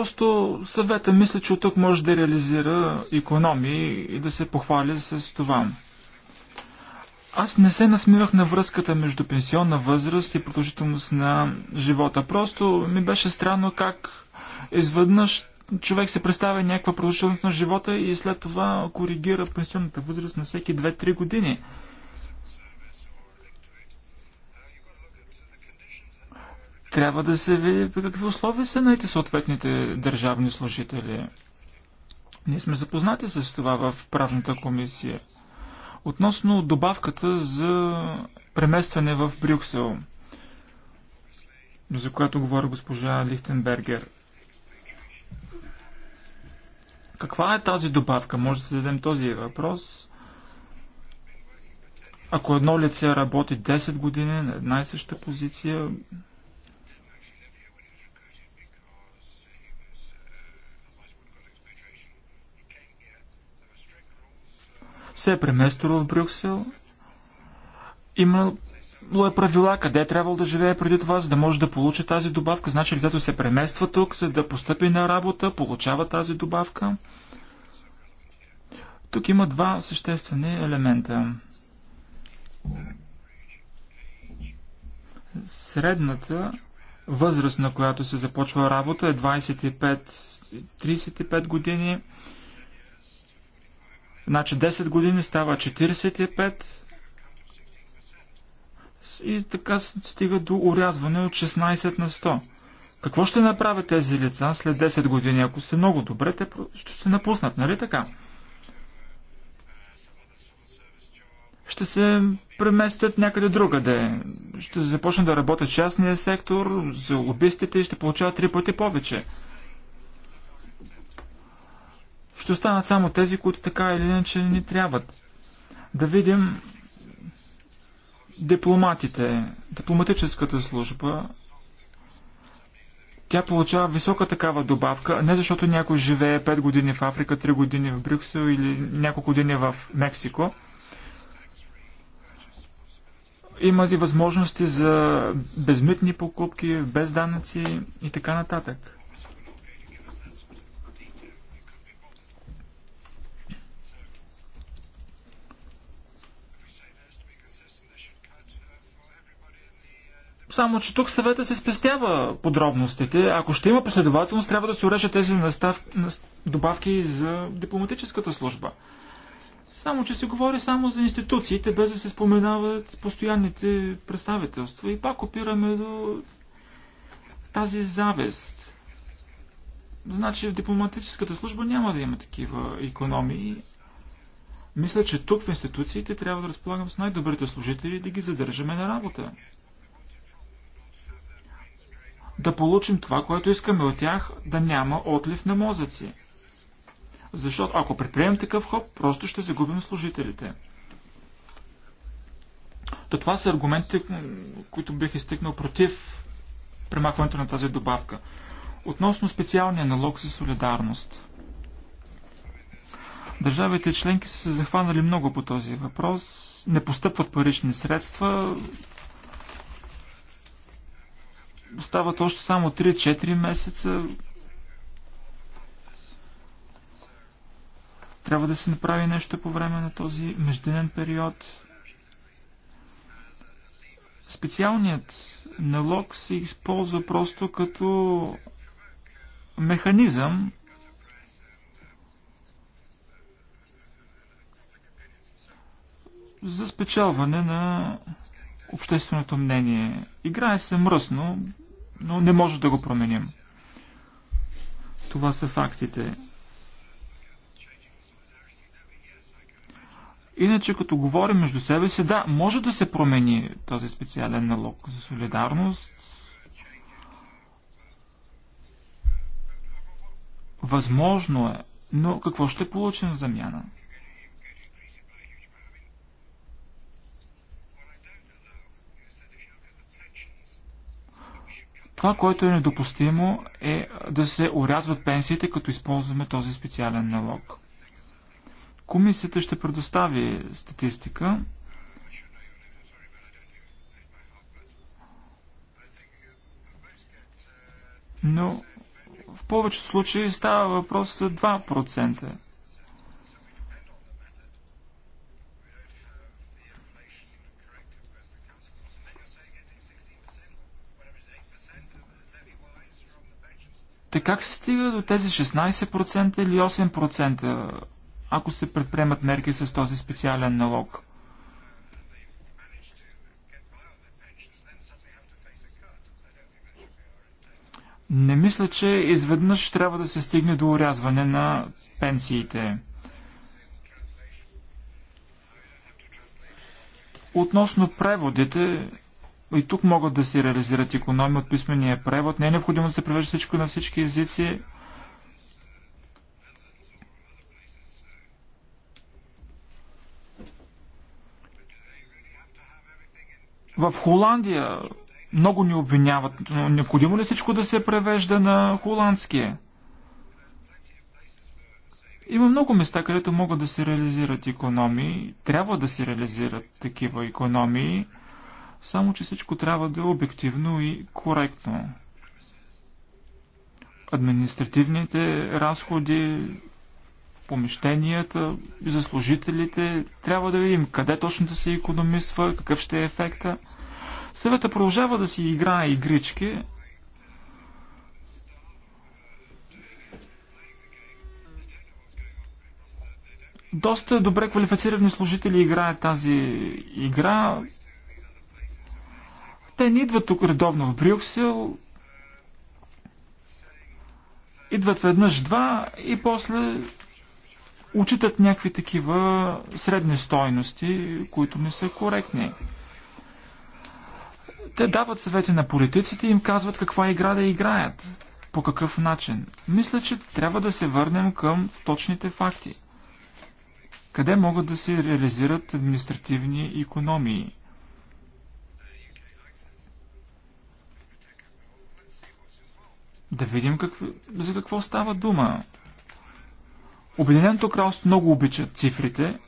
Просто съвета мисля, че от тук може да реализира економии и да се похвали с това. Аз не се насмивах на връзката между пенсионна възраст и продължителност на живота. Просто ми беше странно как изведнъж човек се представя някаква продължителност на живота и след това коригира пенсионната възраст на всеки 2-3 години. Трябва да се види при какви условия са наети съответните държавни служители. Ние сме запознати с това в правната комисия. Относно добавката за преместване в Брюксел, за която говори госпожа Лихтенбергер. Каква е тази добавка? Може да зададем този въпрос. Ако едно лице работи 10 години на една и съща позиция, се е преместило в Брюксел. Имало е правила къде е трябвало да живее преди това, за да може да получи тази добавка. Значи лицето се премества тук, за да постъпи на работа, получава тази добавка. Тук има два съществени елемента. Средната възраст, на която се започва работа е 25-35 години. Значи 10 години става 45 и така стига до урязване от 16 на 100. Какво ще направят тези лица след 10 години? Ако сте много добре, те ще се напуснат, нали така? Ще се преместят някъде другаде. Ще започнат да работят частния сектор, за лобистите и ще получават три пъти повече ще останат само тези, които така или иначе ни трябват. Да видим дипломатите, дипломатическата служба. Тя получава висока такава добавка, не защото някой живее 5 години в Африка, 3 години в Брюксел или няколко години в Мексико. Има и възможности за безмитни покупки, без данъци и така нататък. Само, че тук съвета се спестява подробностите. Ако ще има последователност, трябва да се уреже тези настав... добавки за дипломатическата служба. Само, че се говори само за институциите, без да се споменават постоянните представителства. И пак опираме до тази завест. Значи в дипломатическата служба няма да има такива економии. Мисля, че тук в институциите трябва да разполагам с най-добрите служители и да ги задържаме на работа да получим това, което искаме от тях, да няма отлив на мозъци. Защото ако предприемем такъв хоп, просто ще загубим служителите. То това са аргументите, които бих изтъкнал против премахването на тази добавка. Относно специалния налог за солидарност. Държавите членки са се захванали много по този въпрос. Не постъпват парични средства Остават още само 3-4 месеца. Трябва да се направи нещо по време на този междинен период. Специалният налог се използва просто като механизъм, за спечелване на общественото мнение. Играе се мръсно, но не може да го променим. Това са фактите. Иначе, като говорим между себе си, да, може да се промени този специален налог за солидарност. Възможно е, но какво ще получим в замяна? Това, което е недопустимо е да се урязват пенсиите, като използваме този специален налог. Комисията ще предостави статистика. Но в повечето случаи става въпрос за 2%. Така как се стига до тези 16% или 8%, ако се предприемат мерки с този специален налог? Не мисля, че изведнъж трябва да се стигне до урязване на пенсиите. Относно преводите, и тук могат да се реализират економии от писмения превод. Не е необходимо да се превежда всичко на всички езици. В Холандия много ни обвиняват. но Необходимо ли е всичко да се превежда на холандски? Има много места, където могат да се реализират економии. Трябва да се реализират такива економии. Само, че всичко трябва да е обективно и коректно. Административните разходи, помещенията за служителите, трябва да видим къде точно да се економиства, какъв ще е ефекта. Съвета продължава да си играе игрички, доста добре квалифицирани служители играят тази игра. Те не идват тук редовно в Брюксел, идват веднъж два и после учитат някакви такива средни стойности, които не са коректни. Те дават съвети на политиците и им казват каква игра да играят, по какъв начин. Мисля, че трябва да се върнем към точните факти. Къде могат да се реализират административни економии? Да видим какви, за какво става дума. Обединеното кралство много обича цифрите.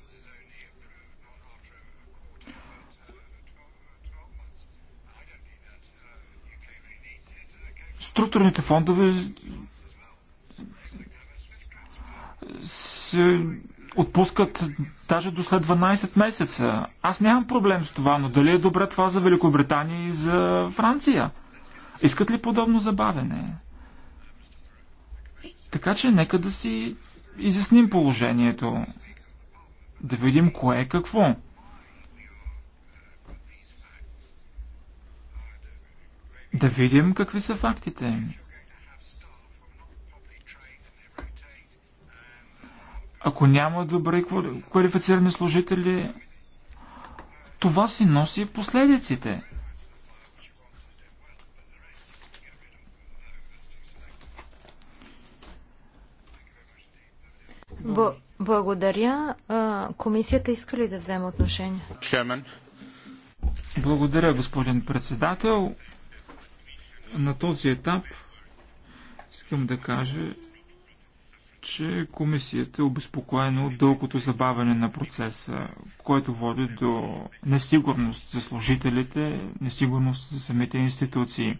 Структурните фондове се отпускат даже до след 12 месеца. Аз нямам проблем с това, но дали е добре това за Великобритания и за Франция? Искат ли подобно забавене? Така че нека да си изясним положението, да видим кое е какво. Да видим какви са фактите. Ако няма добре квалифицирани служители, това си носи последиците. Б благодаря. Комисията иска ли да вземе отношение? Благодаря, господин председател. На този етап искам да кажа, че комисията е обезпокоена от дългото забавяне на процеса, което води до несигурност за служителите, несигурност за самите институции.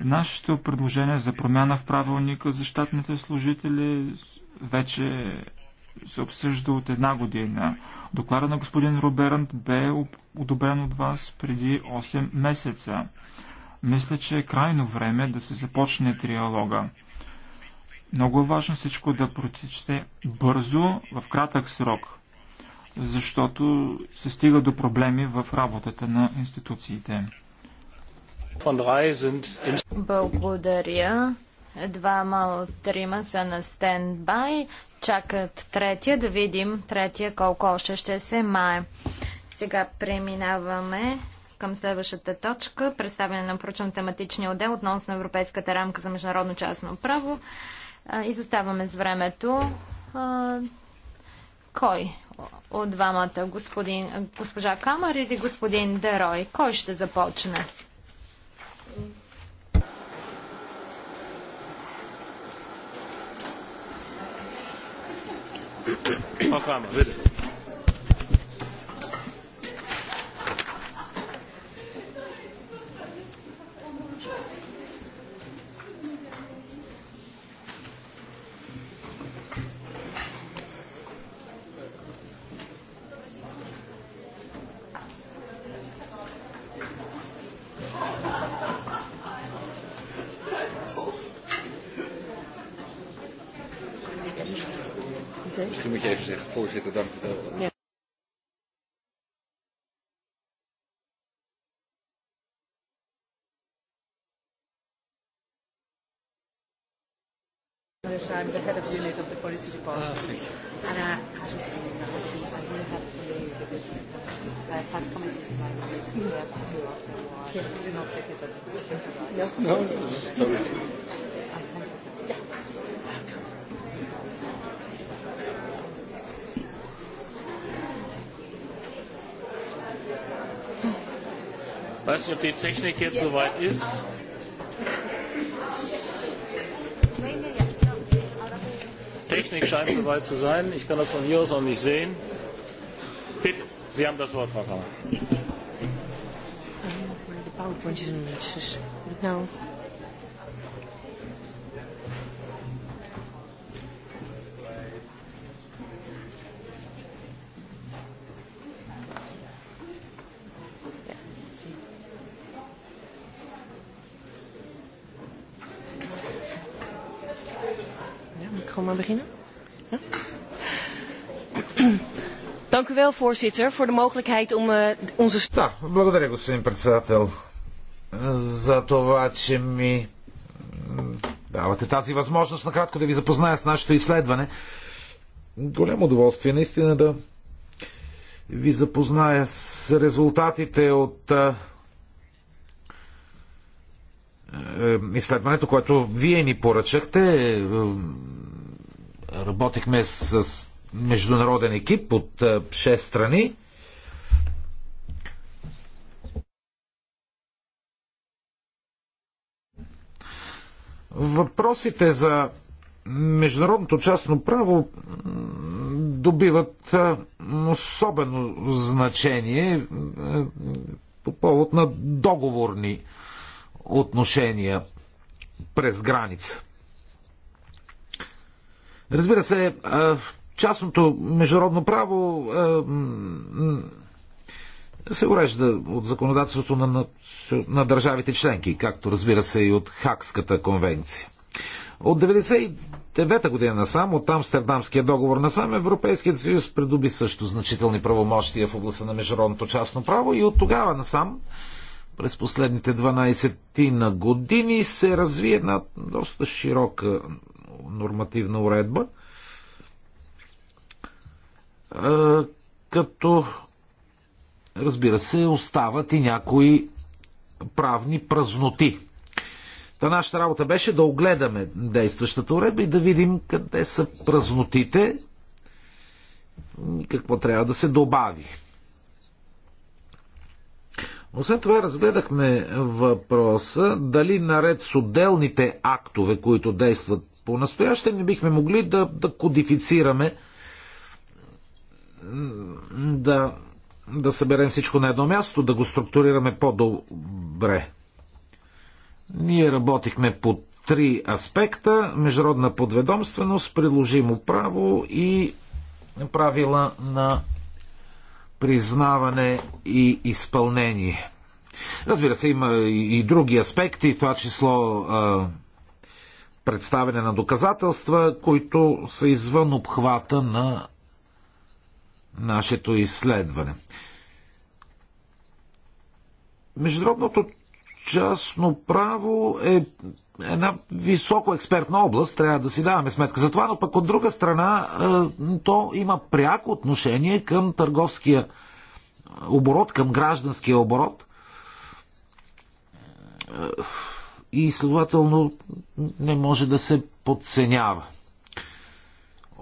Нашето предложение за промяна в правилника за щатните служители вече се обсъжда от една година. Доклада на господин Роберт бе одобрен от вас преди 8 месеца. Мисля, че е крайно време да се започне триалога. Много е важно всичко да протече бързо, в кратък срок, защото се стига до проблеми в работата на институциите. Благодаря. Двама от трима са на стендбай. Чакат третия да видим третия колко още ще се мае. Сега преминаваме към следващата точка. Представяне на прочен тематичния отдел относно Европейската рамка за международно частно право. Изоставаме с времето. Кой от двамата? Господин, госпожа Камър или господин Дерой? Кой ще започне? Frau Kramer, bitte. Président. I'm the head of unit of the policy department. And I, I just remember because I will have to leave because I've had committees after a while, do not take it as a No, no, no. Sorry. weiß nicht, ob die Technik jetzt soweit ist. Technik scheint soweit zu sein. Ich kann das von hier aus noch nicht sehen. Bitte, Sie haben das Wort, Frau Kammer. wel, voorzitter, voor de mogelijkheid om eh, onze... Да, благодаря, господин председател, за това, че ми давате тази възможност накратко да ви запозная с нашето изследване. Голямо удоволствие наистина да ви запозная с резултатите от е, изследването, което вие ни поръчахте. Работихме с международен екип от 6 страни. Въпросите за международното частно право добиват особено значение по повод на договорни отношения през граница. Разбира се, частното международно право е, се урежда от законодателството на, на, на държавите членки, както разбира се и от Хакската конвенция. От 1999 година насам, от Амстердамския договор насам, Европейският съюз придоби също значителни правомощия в областта на международното частно право и от тогава насам, през последните 12 на години, се разви една доста широка нормативна уредба – като разбира се, остават и някои правни празноти. Та нашата работа беше да огледаме действащата уредба и да видим къде са празнотите и какво трябва да се добави. Освен това разгледахме въпроса дали наред с отделните актове, които действат по настояще, не бихме могли да, да кодифицираме да, да съберем всичко на едно място, да го структурираме по-добре. Ние работихме по три аспекта международна подведомственост, приложимо право и правила на признаване и изпълнение. Разбира се, има и други аспекти, това число а, представяне на доказателства, които са извън обхвата на нашето изследване. Международното частно право е една високо експертна област, трябва да си даваме сметка за това, но пък от друга страна е, то има пряко отношение към търговския оборот, към гражданския оборот. Е, и следователно не може да се подценява.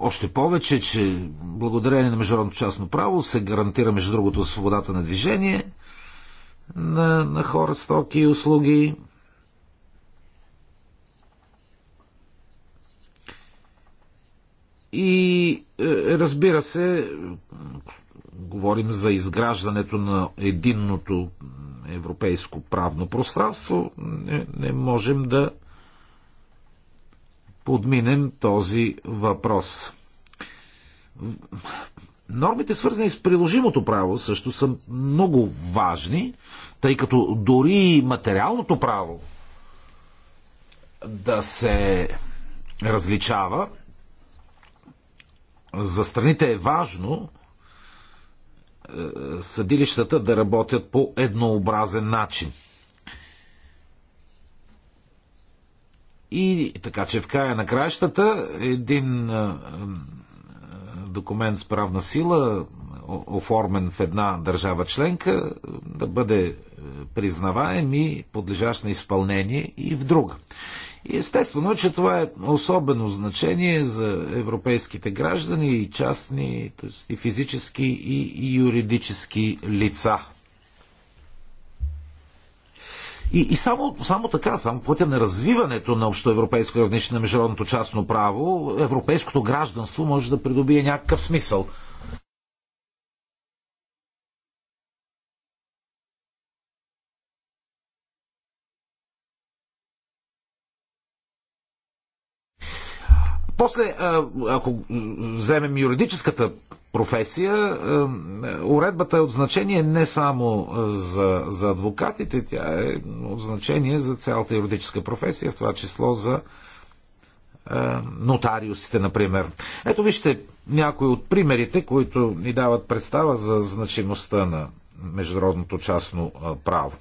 Още повече, че благодарение на международното частно право се гарантира, между другото, свободата на движение на, на хора, стоки и услуги. И е, разбира се, говорим за изграждането на единното европейско правно пространство, не, не можем да подминем този въпрос. Нормите, свързани с приложимото право, също са много важни, тъй като дори материалното право да се различава, за страните е важно е, съдилищата да работят по еднообразен начин. И така че в края на краищата един документ с правна сила, оформен в една държава членка, да бъде е, признаваем и подлежащ на изпълнение и в друга. И естествено, е, че това е особено значение за европейските граждани и частни, т.е. и физически и юридически лица и, и само, само така, само пътя на развиването на общоевропейско равнище на международното частно право, европейското гражданство може да придобие някакъв смисъл. После, ако вземем юридическата професия, уредбата е от значение не само за, за адвокатите, тя е от значение за цялата юридическа професия, в това число за нотариусите, например. Ето вижте някои от примерите, които ни дават представа за значимостта на международното частно право.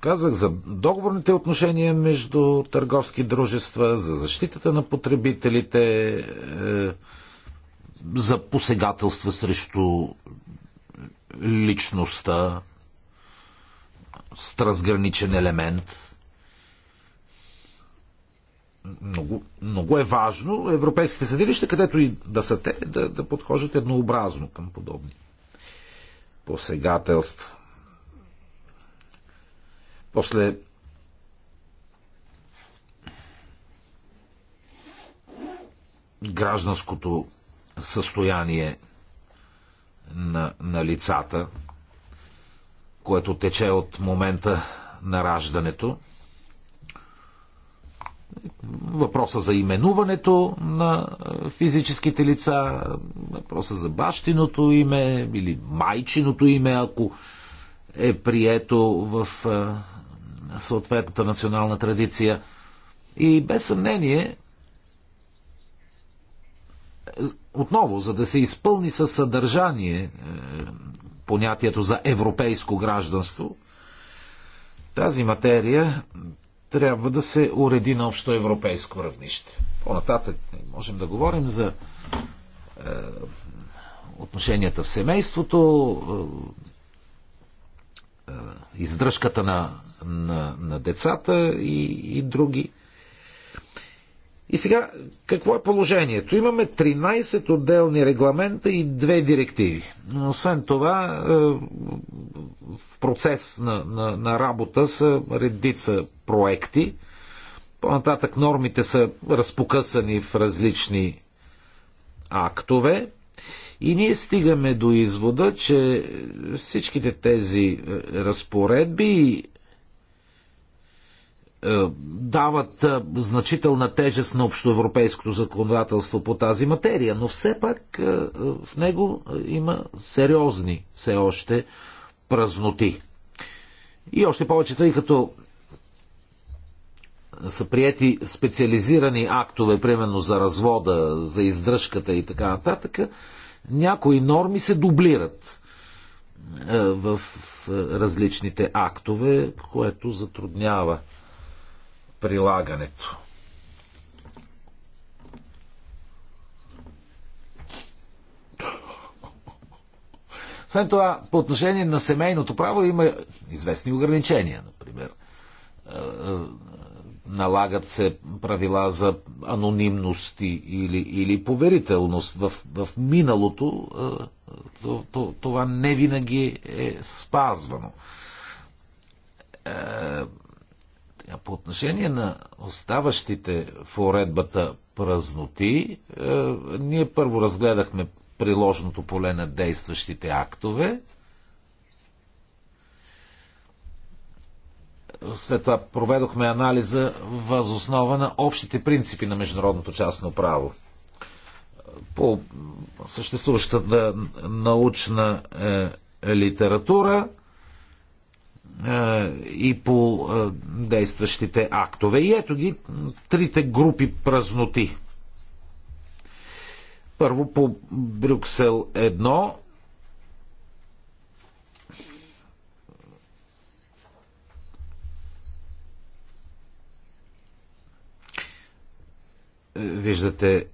Казах за договорните отношения между търговски дружества, за защитата на потребителите, е, за посегателства срещу личността с трансграничен елемент. Много, много е важно европейските съдилища, където и да са те, да, да подхожат еднообразно към подобни посегателства. После гражданското състояние на, на лицата, което тече от момента на раждането. Въпроса за именуването на физическите лица, въпроса за бащиното име или майчиното име, ако е прието в съответната национална традиция. И без съмнение, отново, за да се изпълни със съдържание е, понятието за европейско гражданство, тази материя трябва да се уреди на общо европейско равнище. По-нататък можем да говорим за е, отношенията в семейството, е, издръжката на, на, на децата и, и други. И сега, какво е положението? Имаме 13 отделни регламента и две директиви. Но Освен това, е, в процес на, на, на работа са редица проекти. По-нататък нормите са разпокъсани в различни актове. И ние стигаме до извода, че всичките тези е, разпоредби е, дават е, значителна тежест на общоевропейското законодателство по тази материя, но все пак в него има сериозни все още празноти. И още повече, тъй като са приети специализирани актове, примерно за развода, за издръжката и така нататък, някои норми се дублират е, в е, различните актове, което затруднява прилагането. Освен това, по отношение на семейното право има известни ограничения, например. Е, Налагат се правила за анонимност или, или поверителност. В, в миналото това не винаги е спазвано. Е, по отношение на оставащите в уредбата празноти, е, ние първо разгледахме приложното поле на действащите актове, След това проведохме анализа възоснова на общите принципи на международното частно право по съществуващата научна е, литература е, и по е, действащите актове. И ето ги трите групи празноти. Първо по Брюксел Виждате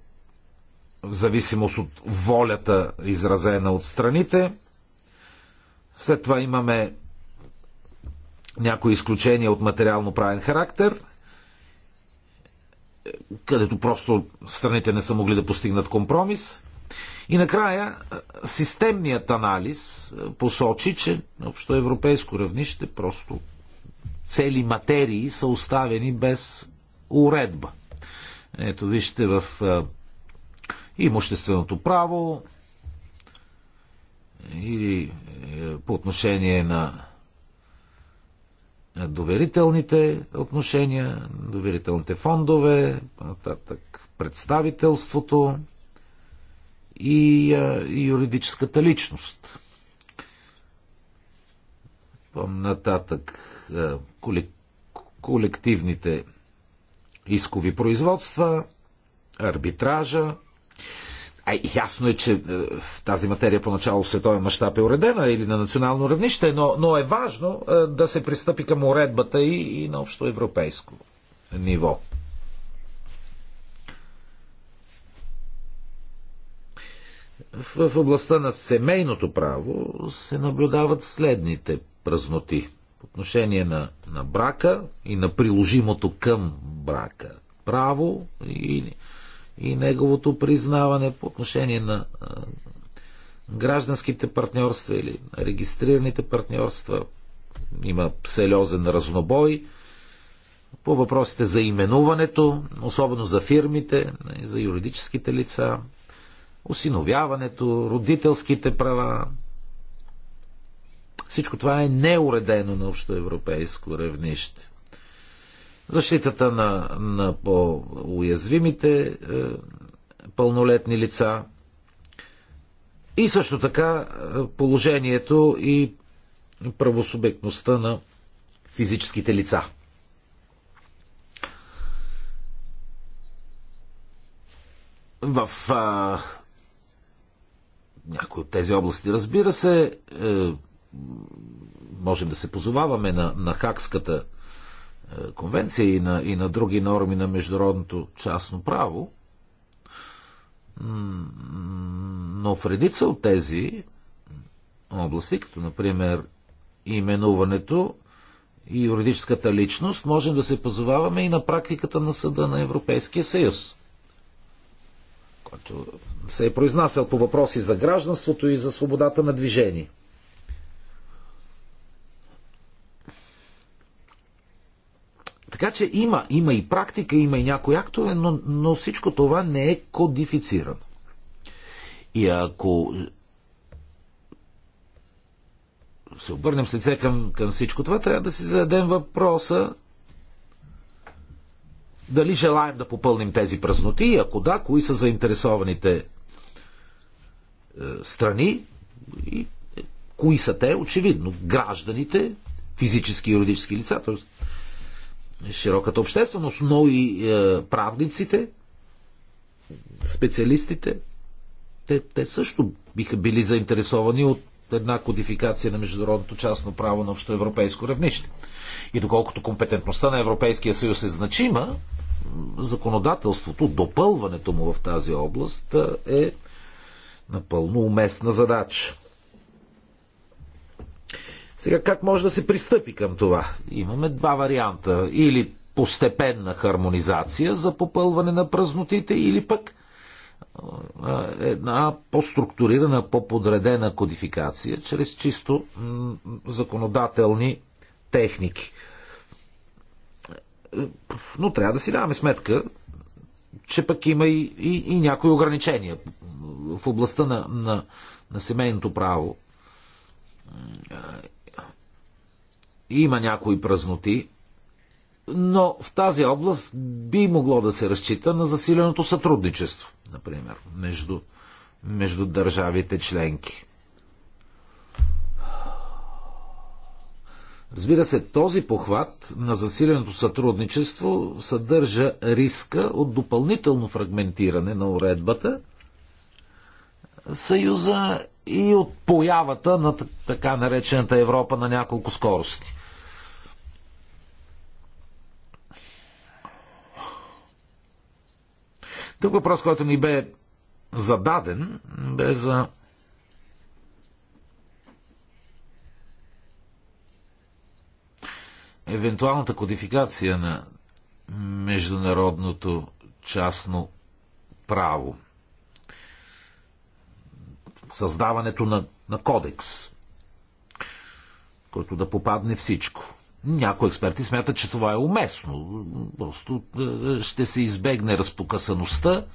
в зависимост от волята, изразена от страните. След това имаме някои изключения от материално-правен характер, където просто страните не са могли да постигнат компромис. И накрая, системният анализ посочи, че общо европейско равнище просто цели материи са оставени без уредба. Ето вижте в имущественото право или е, по отношение на доверителните отношения, доверителните фондове, нататък представителството и, юридическата личност. По-нататък колективните искови производства, арбитража. А, ясно е, че е, тази материя поначало в световен мащаб е уредена или на национално равнище, но, но е важно е, да се пристъпи към уредбата и, и на общо европейско ниво. В, в областта на семейното право се наблюдават следните празноти – отношение на, на брака и на приложимото към брака право и, и неговото признаване по отношение на а, гражданските партньорства или регистрираните партньорства. Има сериозен разнобой по въпросите за именуването, особено за фирмите, за юридическите лица, осиновяването, родителските права, всичко това е неуредено на общоевропейско равнище. Защитата на, на по-уязвимите е, пълнолетни лица и също така е, положението и правосубектността на физическите лица. В а, някои от тези области, разбира се, е, можем да се позоваваме на, на Хакската е, конвенция и на, и на други норми на международното частно право, но в редица от тези области, като например именуването и юридическата личност, можем да се позоваваме и на практиката на Съда на Европейския съюз, който се е произнасял по въпроси за гражданството и за свободата на движение. Така че има, има и практика, има и някои актове, но, но всичко това не е кодифицирано. И ако се обърнем с лице към, към всичко това, трябва да си зададем въпроса дали желаем да попълним тези празноти ако да, кои са заинтересованите е, страни и е, кои са те, очевидно, гражданите, физически и юридически лица, т.е широката общественост, но и е, правниците, специалистите, те, те също биха били заинтересовани от една кодификация на международното частно право на общоевропейско равнище. И доколкото компетентността на Европейския съюз е значима, законодателството, допълването му в тази област е напълно уместна задача. Сега как може да се пристъпи към това? Имаме два варианта. Или постепенна хармонизация за попълване на празнотите, или пък една по-структурирана, по-подредена кодификация чрез чисто законодателни техники. Но трябва да си даваме сметка, че пък има и, и, и някои ограничения в областта на, на, на семейното право има някои празноти, но в тази област би могло да се разчита на засиленото сътрудничество, например, между, между държавите членки. Разбира се, този похват на засиленото сътрудничество съдържа риска от допълнително фрагментиране на уредбата – Съюза и от появата на така наречената Европа на няколко скорости. Тук въпрос, който ни бе зададен, бе за евентуалната кодификация на международното частно право създаването на, на кодекс, който да попадне всичко. Някои експерти смятат, че това е уместно. Просто е, е, ще се избегне разпокъсаността.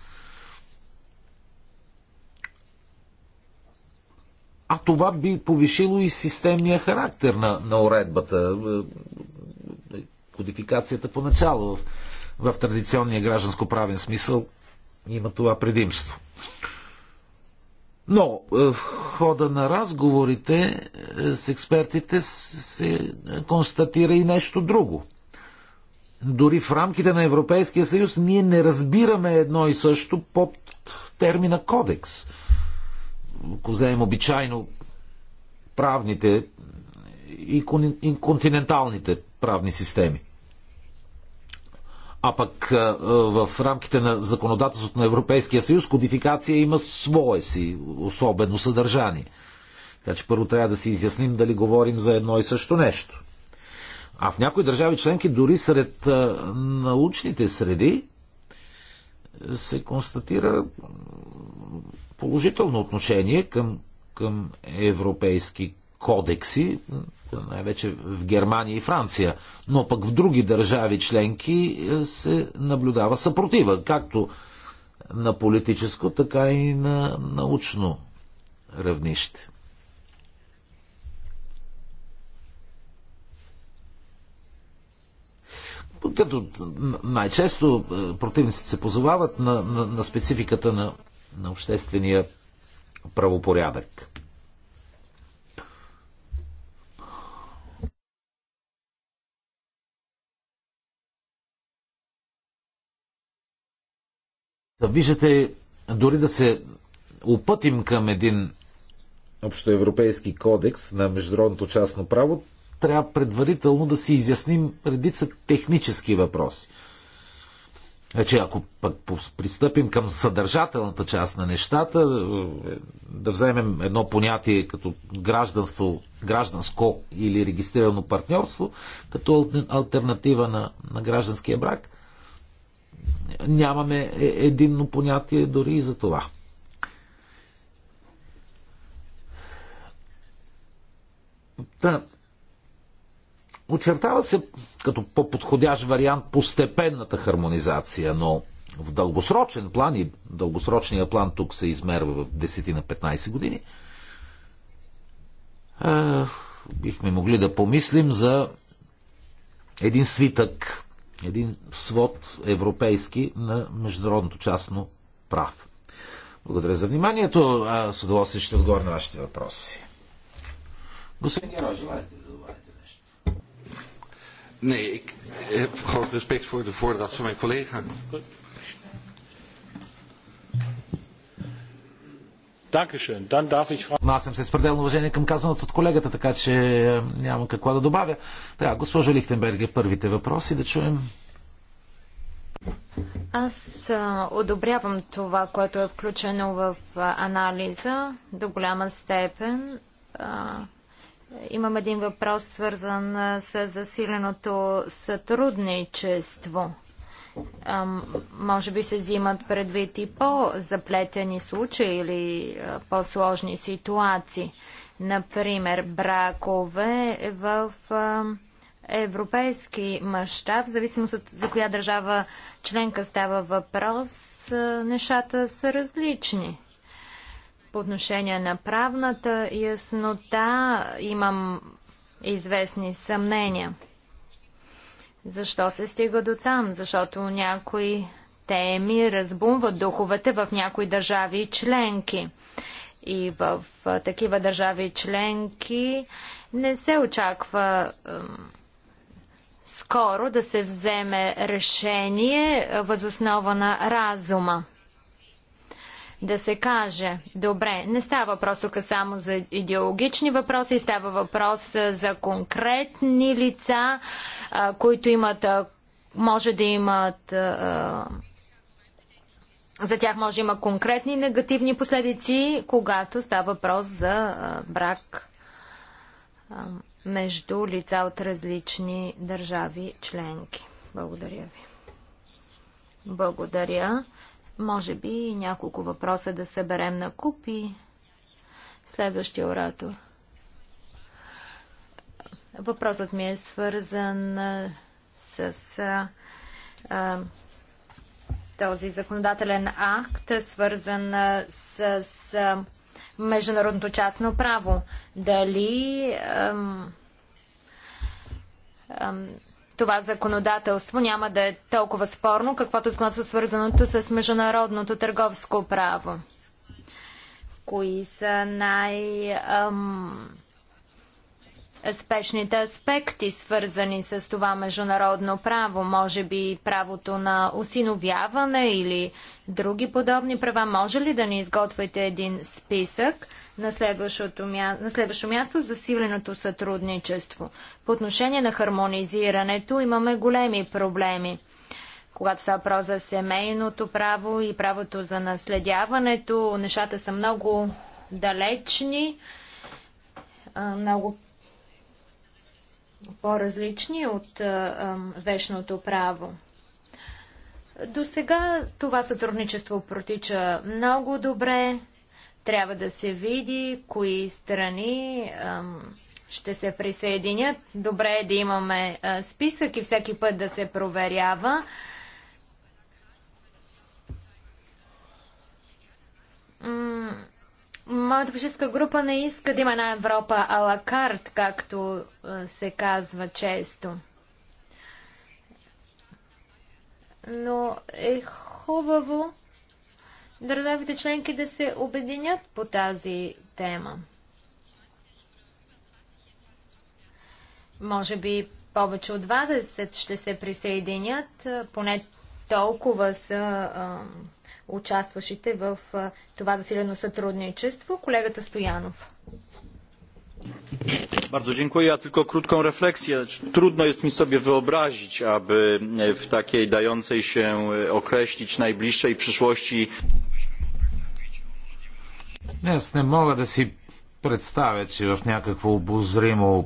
А това би повишило и системния характер на, на уредбата, е, кодификацията поначало в, в традиционния гражданско правен смисъл има това предимство. Но е, в хода на разговорите е, с експертите се констатира и нещо друго. Дори в рамките на Европейския съюз ние не разбираме едно и също под термина кодекс. Ако вземем обичайно правните и континенталните правни системи. А пък е, е, в рамките на законодателството на Европейския съюз кодификация има свое си особено съдържание. Така че първо трябва да си изясним дали говорим за едно и също нещо. А в някои държави членки, дори сред е, научните среди, се констатира положително отношение към, към европейски кодекси, най-вече в Германия и Франция, но пък в други държави членки е, се наблюдава съпротива, както на политическо, така и на научно равнище. Като най-често е, противниците се позовават на, на, на спецификата на, на обществения правопорядък. Виждате, дори да се опътим към един общоевропейски кодекс на международното частно право, трябва предварително да си изясним редица технически въпроси. Значи, ако пък пристъпим към съдържателната част на нещата, е, да вземем едно понятие като гражданство, гражданско или регистрирано партньорство, като альтернатива на, на гражданския брак – нямаме е, единно понятие дори и за това. Та, очертава се като по-подходящ вариант постепенната хармонизация, но в дългосрочен план и дългосрочния план тук се измерва в 10 на 15 години, бихме могли да помислим за един свитък един свод европейски на международното частно право. Благодаря за вниманието. А, с удоволствие ще отговоря на вашите въпроси. Господин Герой, желаете да добавите нещо? Не, ik heb eh, groot respect voor de voordracht van mijn collega. Аз съм се спределно уважение към казаното от колегата, така че е, нямам какво да добавя. Така, госпожо Лихтенберге, първите въпроси да чуем. Аз одобрявам това, което е включено в анализа до голяма степен. Имам един въпрос, свързан с засиленото сътрудничество може би се взимат предвид и по-заплетени случаи или по-сложни ситуации. Например, бракове в европейски мащаб, в зависимост от за коя държава членка става въпрос, нещата са различни. По отношение на правната яснота имам известни съмнения. Защо се стига до там? Защото някои теми разбумват духовете в някои държави членки. И в такива държави членки не се очаква скоро да се вземе решение възоснова на разума да се каже, добре, не става въпрос тук само за идеологични въпроси, става въпрос за конкретни лица, които имат, може да имат за тях може да има конкретни негативни последици, когато става въпрос за брак между лица от различни държави членки. Благодаря ви. Благодаря. Може би няколко въпроса да съберем на купи. Следващия оратор. Въпросът ми е свързан с а, този законодателен акт, свързан с, а, международното частно право. Дали А, това законодателство няма да е толкова спорно, каквото относно свързаното с международното търговско право. Кои са най- ам, спешните аспекти, свързани с това международно право, може би правото на осиновяване или други подобни права. Може ли да ни изготвите един списък на следващото, мя... на следващо място за силеното сътрудничество? По отношение на хармонизирането имаме големи проблеми. Когато става въпрос за семейното право и правото за наследяването, нещата са много далечни, много по-различни от вечното право. До сега това сътрудничество протича много добре. Трябва да се види кои страни ще се присъединят. Добре е да имаме списък и всеки път да се проверява. Моята фашистска група не иска да има една Европа алакарт, както се казва често. Но е хубаво държавите членки да се обединят по тази тема. Може би повече от 20 ще се присъединят, поне толкова са участващите в това засилено сътрудничество. Колегата Стоянов. Bardzo dziękuję. Ja tylko krótką refleksję. Trudno jest mi sobie wyobrazić, aby w takiej dającej się określić najbliższej przyszłości. Аз nie mogę da си przedstawić, że w някакво обозримо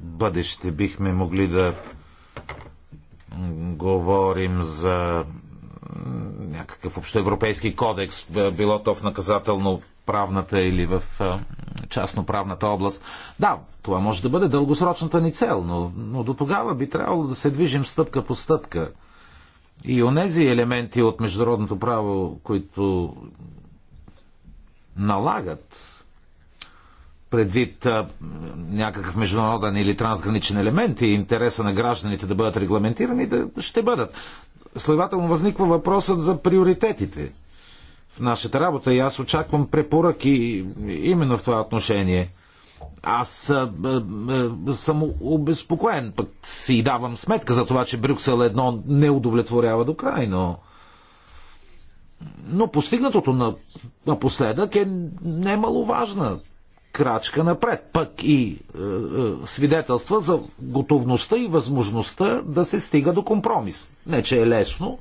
бъдеще бихме могли да говорим за някакъв общоевропейски кодекс, било то в наказателно правната или в частноправната област. Да, това може да бъде дългосрочната ни цел, но, но до тогава би трябвало да се движим стъпка по стъпка. И онези елементи от международното право, които налагат предвид а, някакъв международен или трансграничен елемент и интереса на гражданите да бъдат регламентирани, да ще бъдат. Следователно възниква въпросът за приоритетите в нашата работа и аз очаквам препоръки именно в това отношение. Аз а, а, а, съм обезпокоен, пък си давам сметка за това, че Брюксел едно не удовлетворява до край, но... Но постигнатото напоследък е немаловажна крачка напред, пък и е, е, свидетелства за готовността и възможността да се стига до компромис. Не, че е лесно,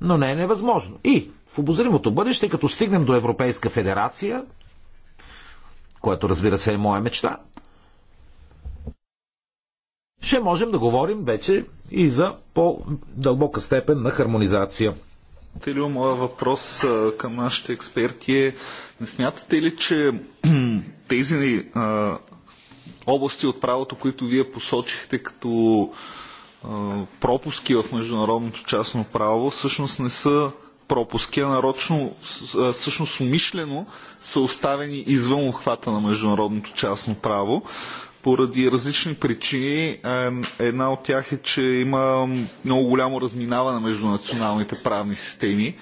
но не е невъзможно. И в обозримото бъдеще, като стигнем до Европейска федерация, което разбира се е моя мечта, ще можем да говорим вече и за по-дълбока степен на хармонизация Телю, моя въпрос към нашите експерти е, не смятате ли, че тези а, области от правото, които вие посочихте като пропуски в международното частно право всъщност не са пропуски, а нарочно, всъщност умишлено са оставени извън обхвата на международното частно право поради различни причини. Е, една от тях е, че има много голямо разминаване между националните правни системи.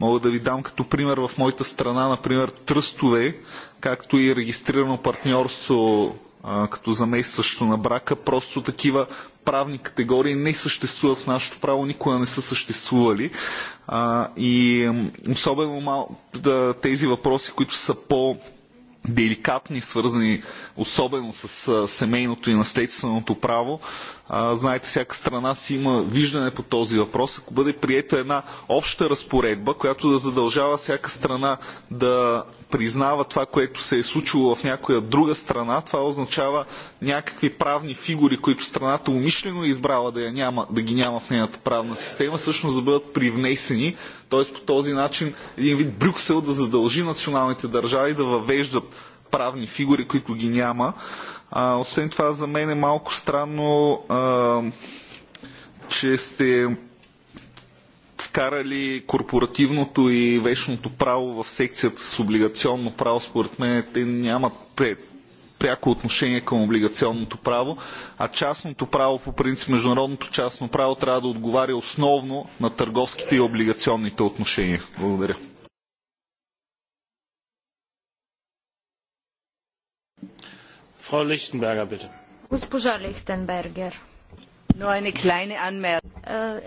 Мога да ви дам като пример в моята страна, например, тръстове, както и регистрирано партньорство е, като заместващо на брака, просто такива правни категории не съществуват в нашето право, никога не са съществували. Е, и особено тези въпроси, които са по- деликатни, свързани особено с семейното и наследственото право, а, знаете, всяка страна си има виждане по този въпрос. Ако бъде приета една обща разпоредба, която да задължава всяка страна да признава това, което се е случило в някоя друга страна, това означава някакви правни фигури, които страната умишлено е избрала да, я няма, да ги няма в нейната правна система, всъщност да бъдат привнесени. Т.е. по този начин един вид Брюксел да задължи националните държави да въвеждат правни фигури, които ги няма. А, освен това, за мен е малко странно, а, че сте вкарали корпоративното и вечното право в секцията с облигационно право. Според мен те нямат пряко отношение към облигационното право, а частното право, по принцип международното частно право, трябва да отговаря основно на търговските и облигационните отношения. Благодаря. Frau Lichtenberger, bitte. Лихтенбергер. Е е,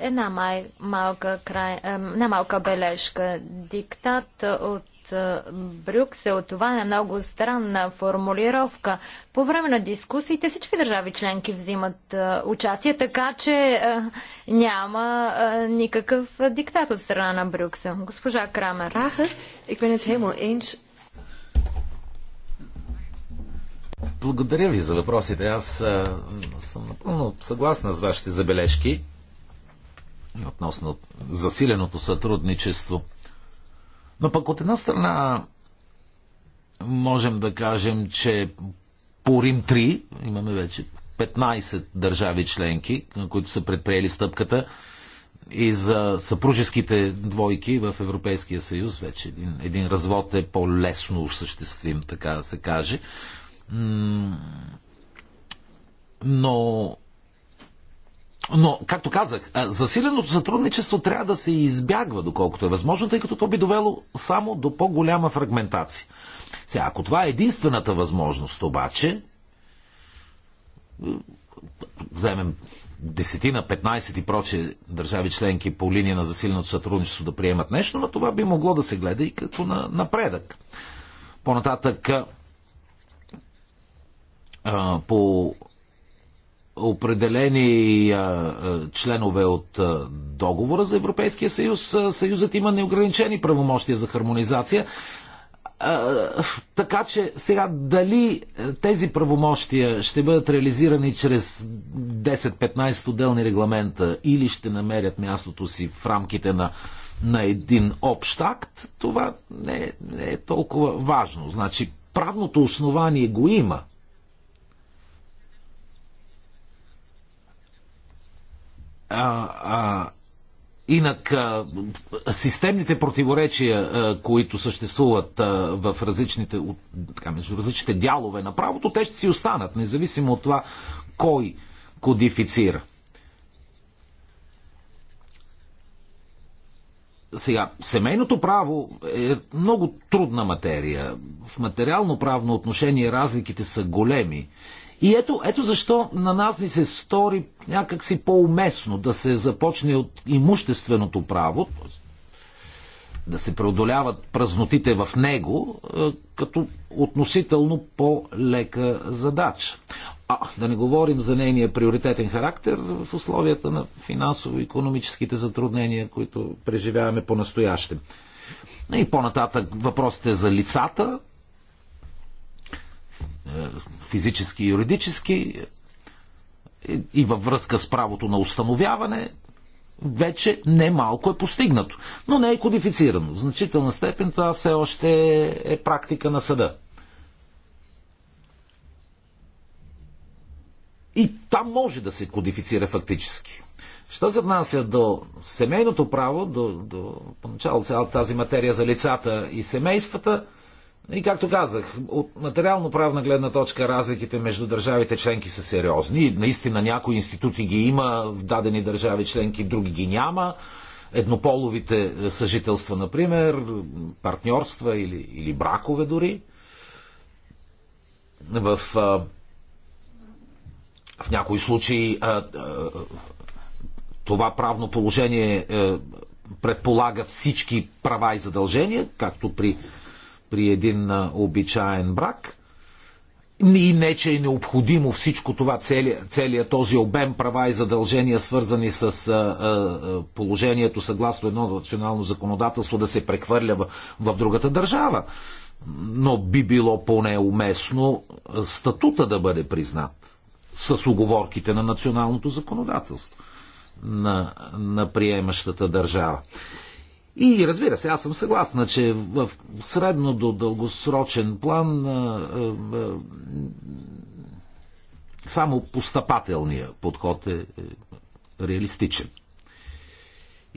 една май, е, малка, бележка. Диктат от Брюксел. Това е много странна формулировка. По време на дискусиите всички държави членки взимат участие, така че няма никакъв диктат от страна на Брюксел. Госпожа Крамер. Ik ben het helemaal eens Благодаря ви за въпросите. Аз а, съм напълно съгласна с вашите забележки относно засиленото сътрудничество. Но пък от една страна можем да кажем, че по Рим 3 имаме вече 15 държави членки, които са предприели стъпката и за съпружеските двойки в Европейския съюз вече един, един развод е по-лесно осъществим, така да се каже. Но но, както казах, засиленото сътрудничество трябва да се избягва, доколкото е възможно, тъй като то би довело само до по-голяма фрагментация. Сега, ако това е единствената възможност, обаче, вземем десетина, 15 и прочи държави членки по линия на засиленото сътрудничество да приемат нещо, но това би могло да се гледа и като на напредък. По-нататък, а, по определени а, членове от а, договора за Европейския съюз, а, съюзът има неограничени правомощия за хармонизация. А, така че сега дали тези правомощия ще бъдат реализирани чрез 10-15 отделни регламента или ще намерят мястото си в рамките на, на един общ акт, това не, не е толкова важно. Значи правното основание го има А, а, Инак, системните противоречия, които съществуват в различните, така, между различните дялове на правото, те ще си останат, независимо от това кой кодифицира. Сега, семейното право е много трудна материя. В материално-правно отношение разликите са големи и ето, ето защо на нас ни се стори някакси по-уместно да се започне от имущественото право, да се преодоляват празнотите в него, е, като относително по-лека задача. А, да не говорим за нейния приоритетен характер в условията на финансово-економическите затруднения, които преживяваме по-настояще. И по-нататък въпросите за лицата, е, физически и юридически е, и във връзка с правото на установяване вече не малко е постигнато, но не е кодифицирано. В значителна степен това все още е практика на съда. И там може да се кодифицира фактически. Що се отнася до семейното право, до, до поначало цялата тази материя за лицата и семействата – и както казах, от материално-правна гледна точка разликите между държавите членки са сериозни. Наистина някои институти ги има в дадени държави членки, други ги няма. Еднополовите съжителства, например, партньорства или, или бракове дори. В, в някои случаи това правно положение е, предполага всички права и задължения, както при при един обичаен брак. И не, че е необходимо всичко това, целият, целият този обем права и задължения, свързани с а, а, положението съгласно едно национално законодателство, да се прехвърля в, в другата държава. Но би било поне уместно статута да бъде признат с оговорките на националното законодателство на, на приемащата държава. И разбира се, аз съм съгласна, че в средно до дългосрочен план само постъпателния подход е, е реалистичен.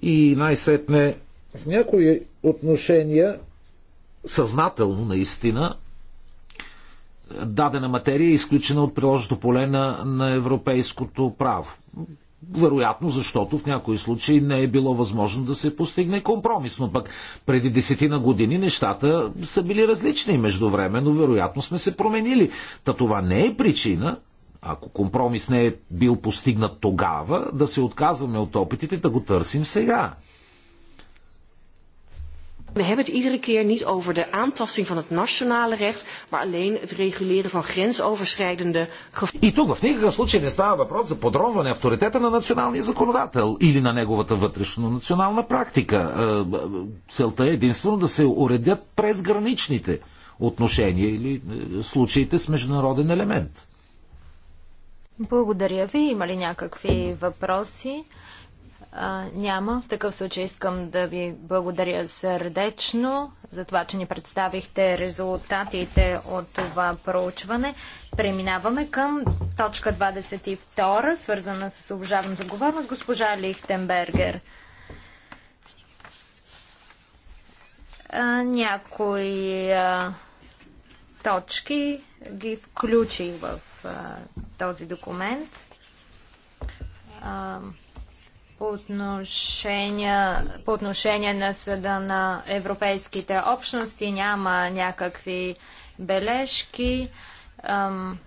И най-сетне в някои отношения съзнателно наистина дадена материя е изключена от приложното поле на, на европейското право вероятно защото в някои случаи не е било възможно да се постигне компромис. Но пък преди десетина години нещата са били различни. Междувременно, вероятно сме се променили. Та това не е причина, ако компромис не е бил постигнат тогава, да се отказваме от опитите да го търсим сега. We hebben het iedere keer niet over de aantasting van het nationale recht, maar alleen het reguleren van grensoverschrijdende И тук в никакъв случай не става въпрос за подронване авторитета на националния законодател или на неговата вътрешно-национална практика. Е, е, целта е единствено да се уредят през граничните отношения или е, случаите с международен елемент. Благодаря ви. Има ли някакви въпроси? А, няма. В такъв случай искам да ви благодаря сърдечно за това, че ни представихте резултатите от това проучване. Преминаваме към точка 22, свързана с обжавната отговорност, госпожа Лихтенбергер. А, някои а, точки ги включи в този документ по отношение, на съда на европейските общности няма някакви бележки. Ам,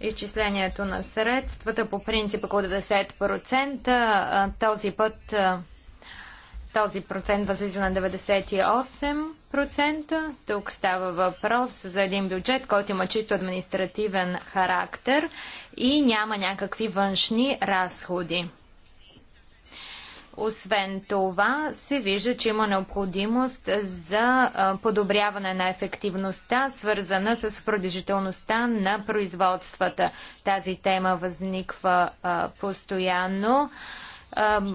изчислението на средствата по принцип около 90%. Този път този процент възлиза на 98%. Тук става въпрос за един бюджет, който има чисто административен характер и няма някакви външни разходи. Освен това, се вижда, че има необходимост за подобряване на ефективността, свързана с продължителността на производствата. Тази тема възниква постоянно.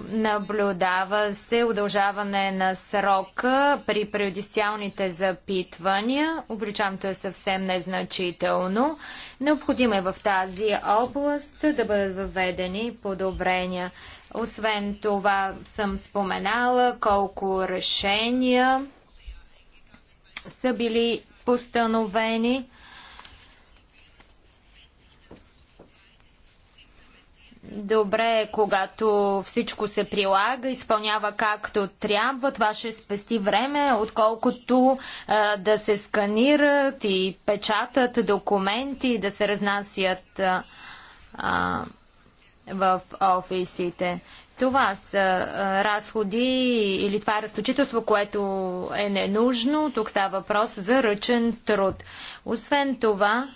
Наблюдава се удължаване на срока при преодистиалните запитвания. Обличаването е съвсем незначително. Необходимо е в тази област да бъдат въведени подобрения. Освен това съм споменала колко решения са били постановени добре е, когато всичко се прилага, изпълнява както трябва. Това ще спести време, отколкото а, да се сканират и печатат документи, да се разнасят а, в офисите. Това са а, разходи или това е разточителство, което е ненужно. Тук става въпрос за ръчен труд. Освен това,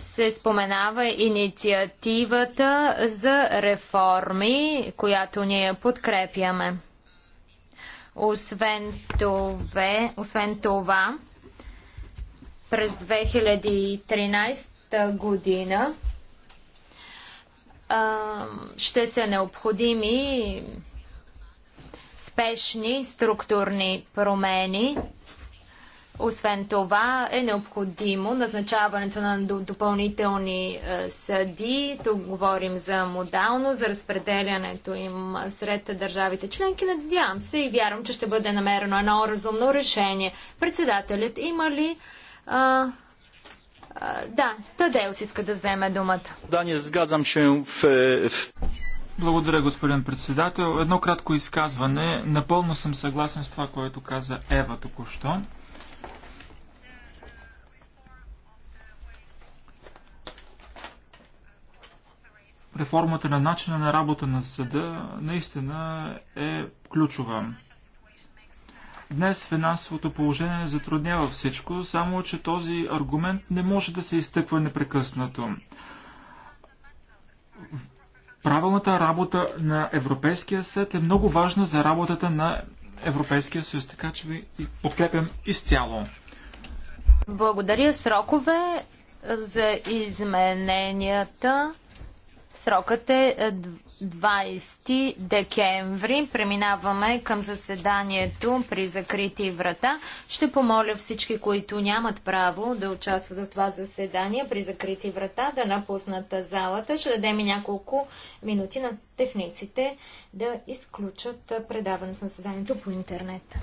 се споменава инициативата за реформи, която ние подкрепяме. Освен това, освен това през 2013 година а, ще са необходими спешни структурни промени освен това е необходимо назначаването на допълнителни е, съди. Тук говорим за модално, за разпределянето им сред държавите членки. Надявам се и вярвам, че ще бъде намерено едно разумно решение. Председателят има ли а, да, Тадеус иска да вземе думата. Да, не сгадзам, че в... Благодаря, господин председател. Едно кратко изказване. Напълно съм съгласен с това, което каза Ева току-що. реформата на начина на работа на съда наистина е ключова. Днес финансовото положение затруднява всичко, само че този аргумент не може да се изтъква непрекъснато. Правилната работа на Европейския съд е много важна за работата на Европейския съюз, така че ви подкрепям изцяло. Благодаря срокове за измененията Срокът е 20 е, декември. Преминаваме към заседанието при закрити врата. Ще помоля всички, които нямат право да участват в това заседание при закрити врата, да напуснат залата. Ще дадем и няколко минути на техниците да изключат е, предаването на заседанието по интернет.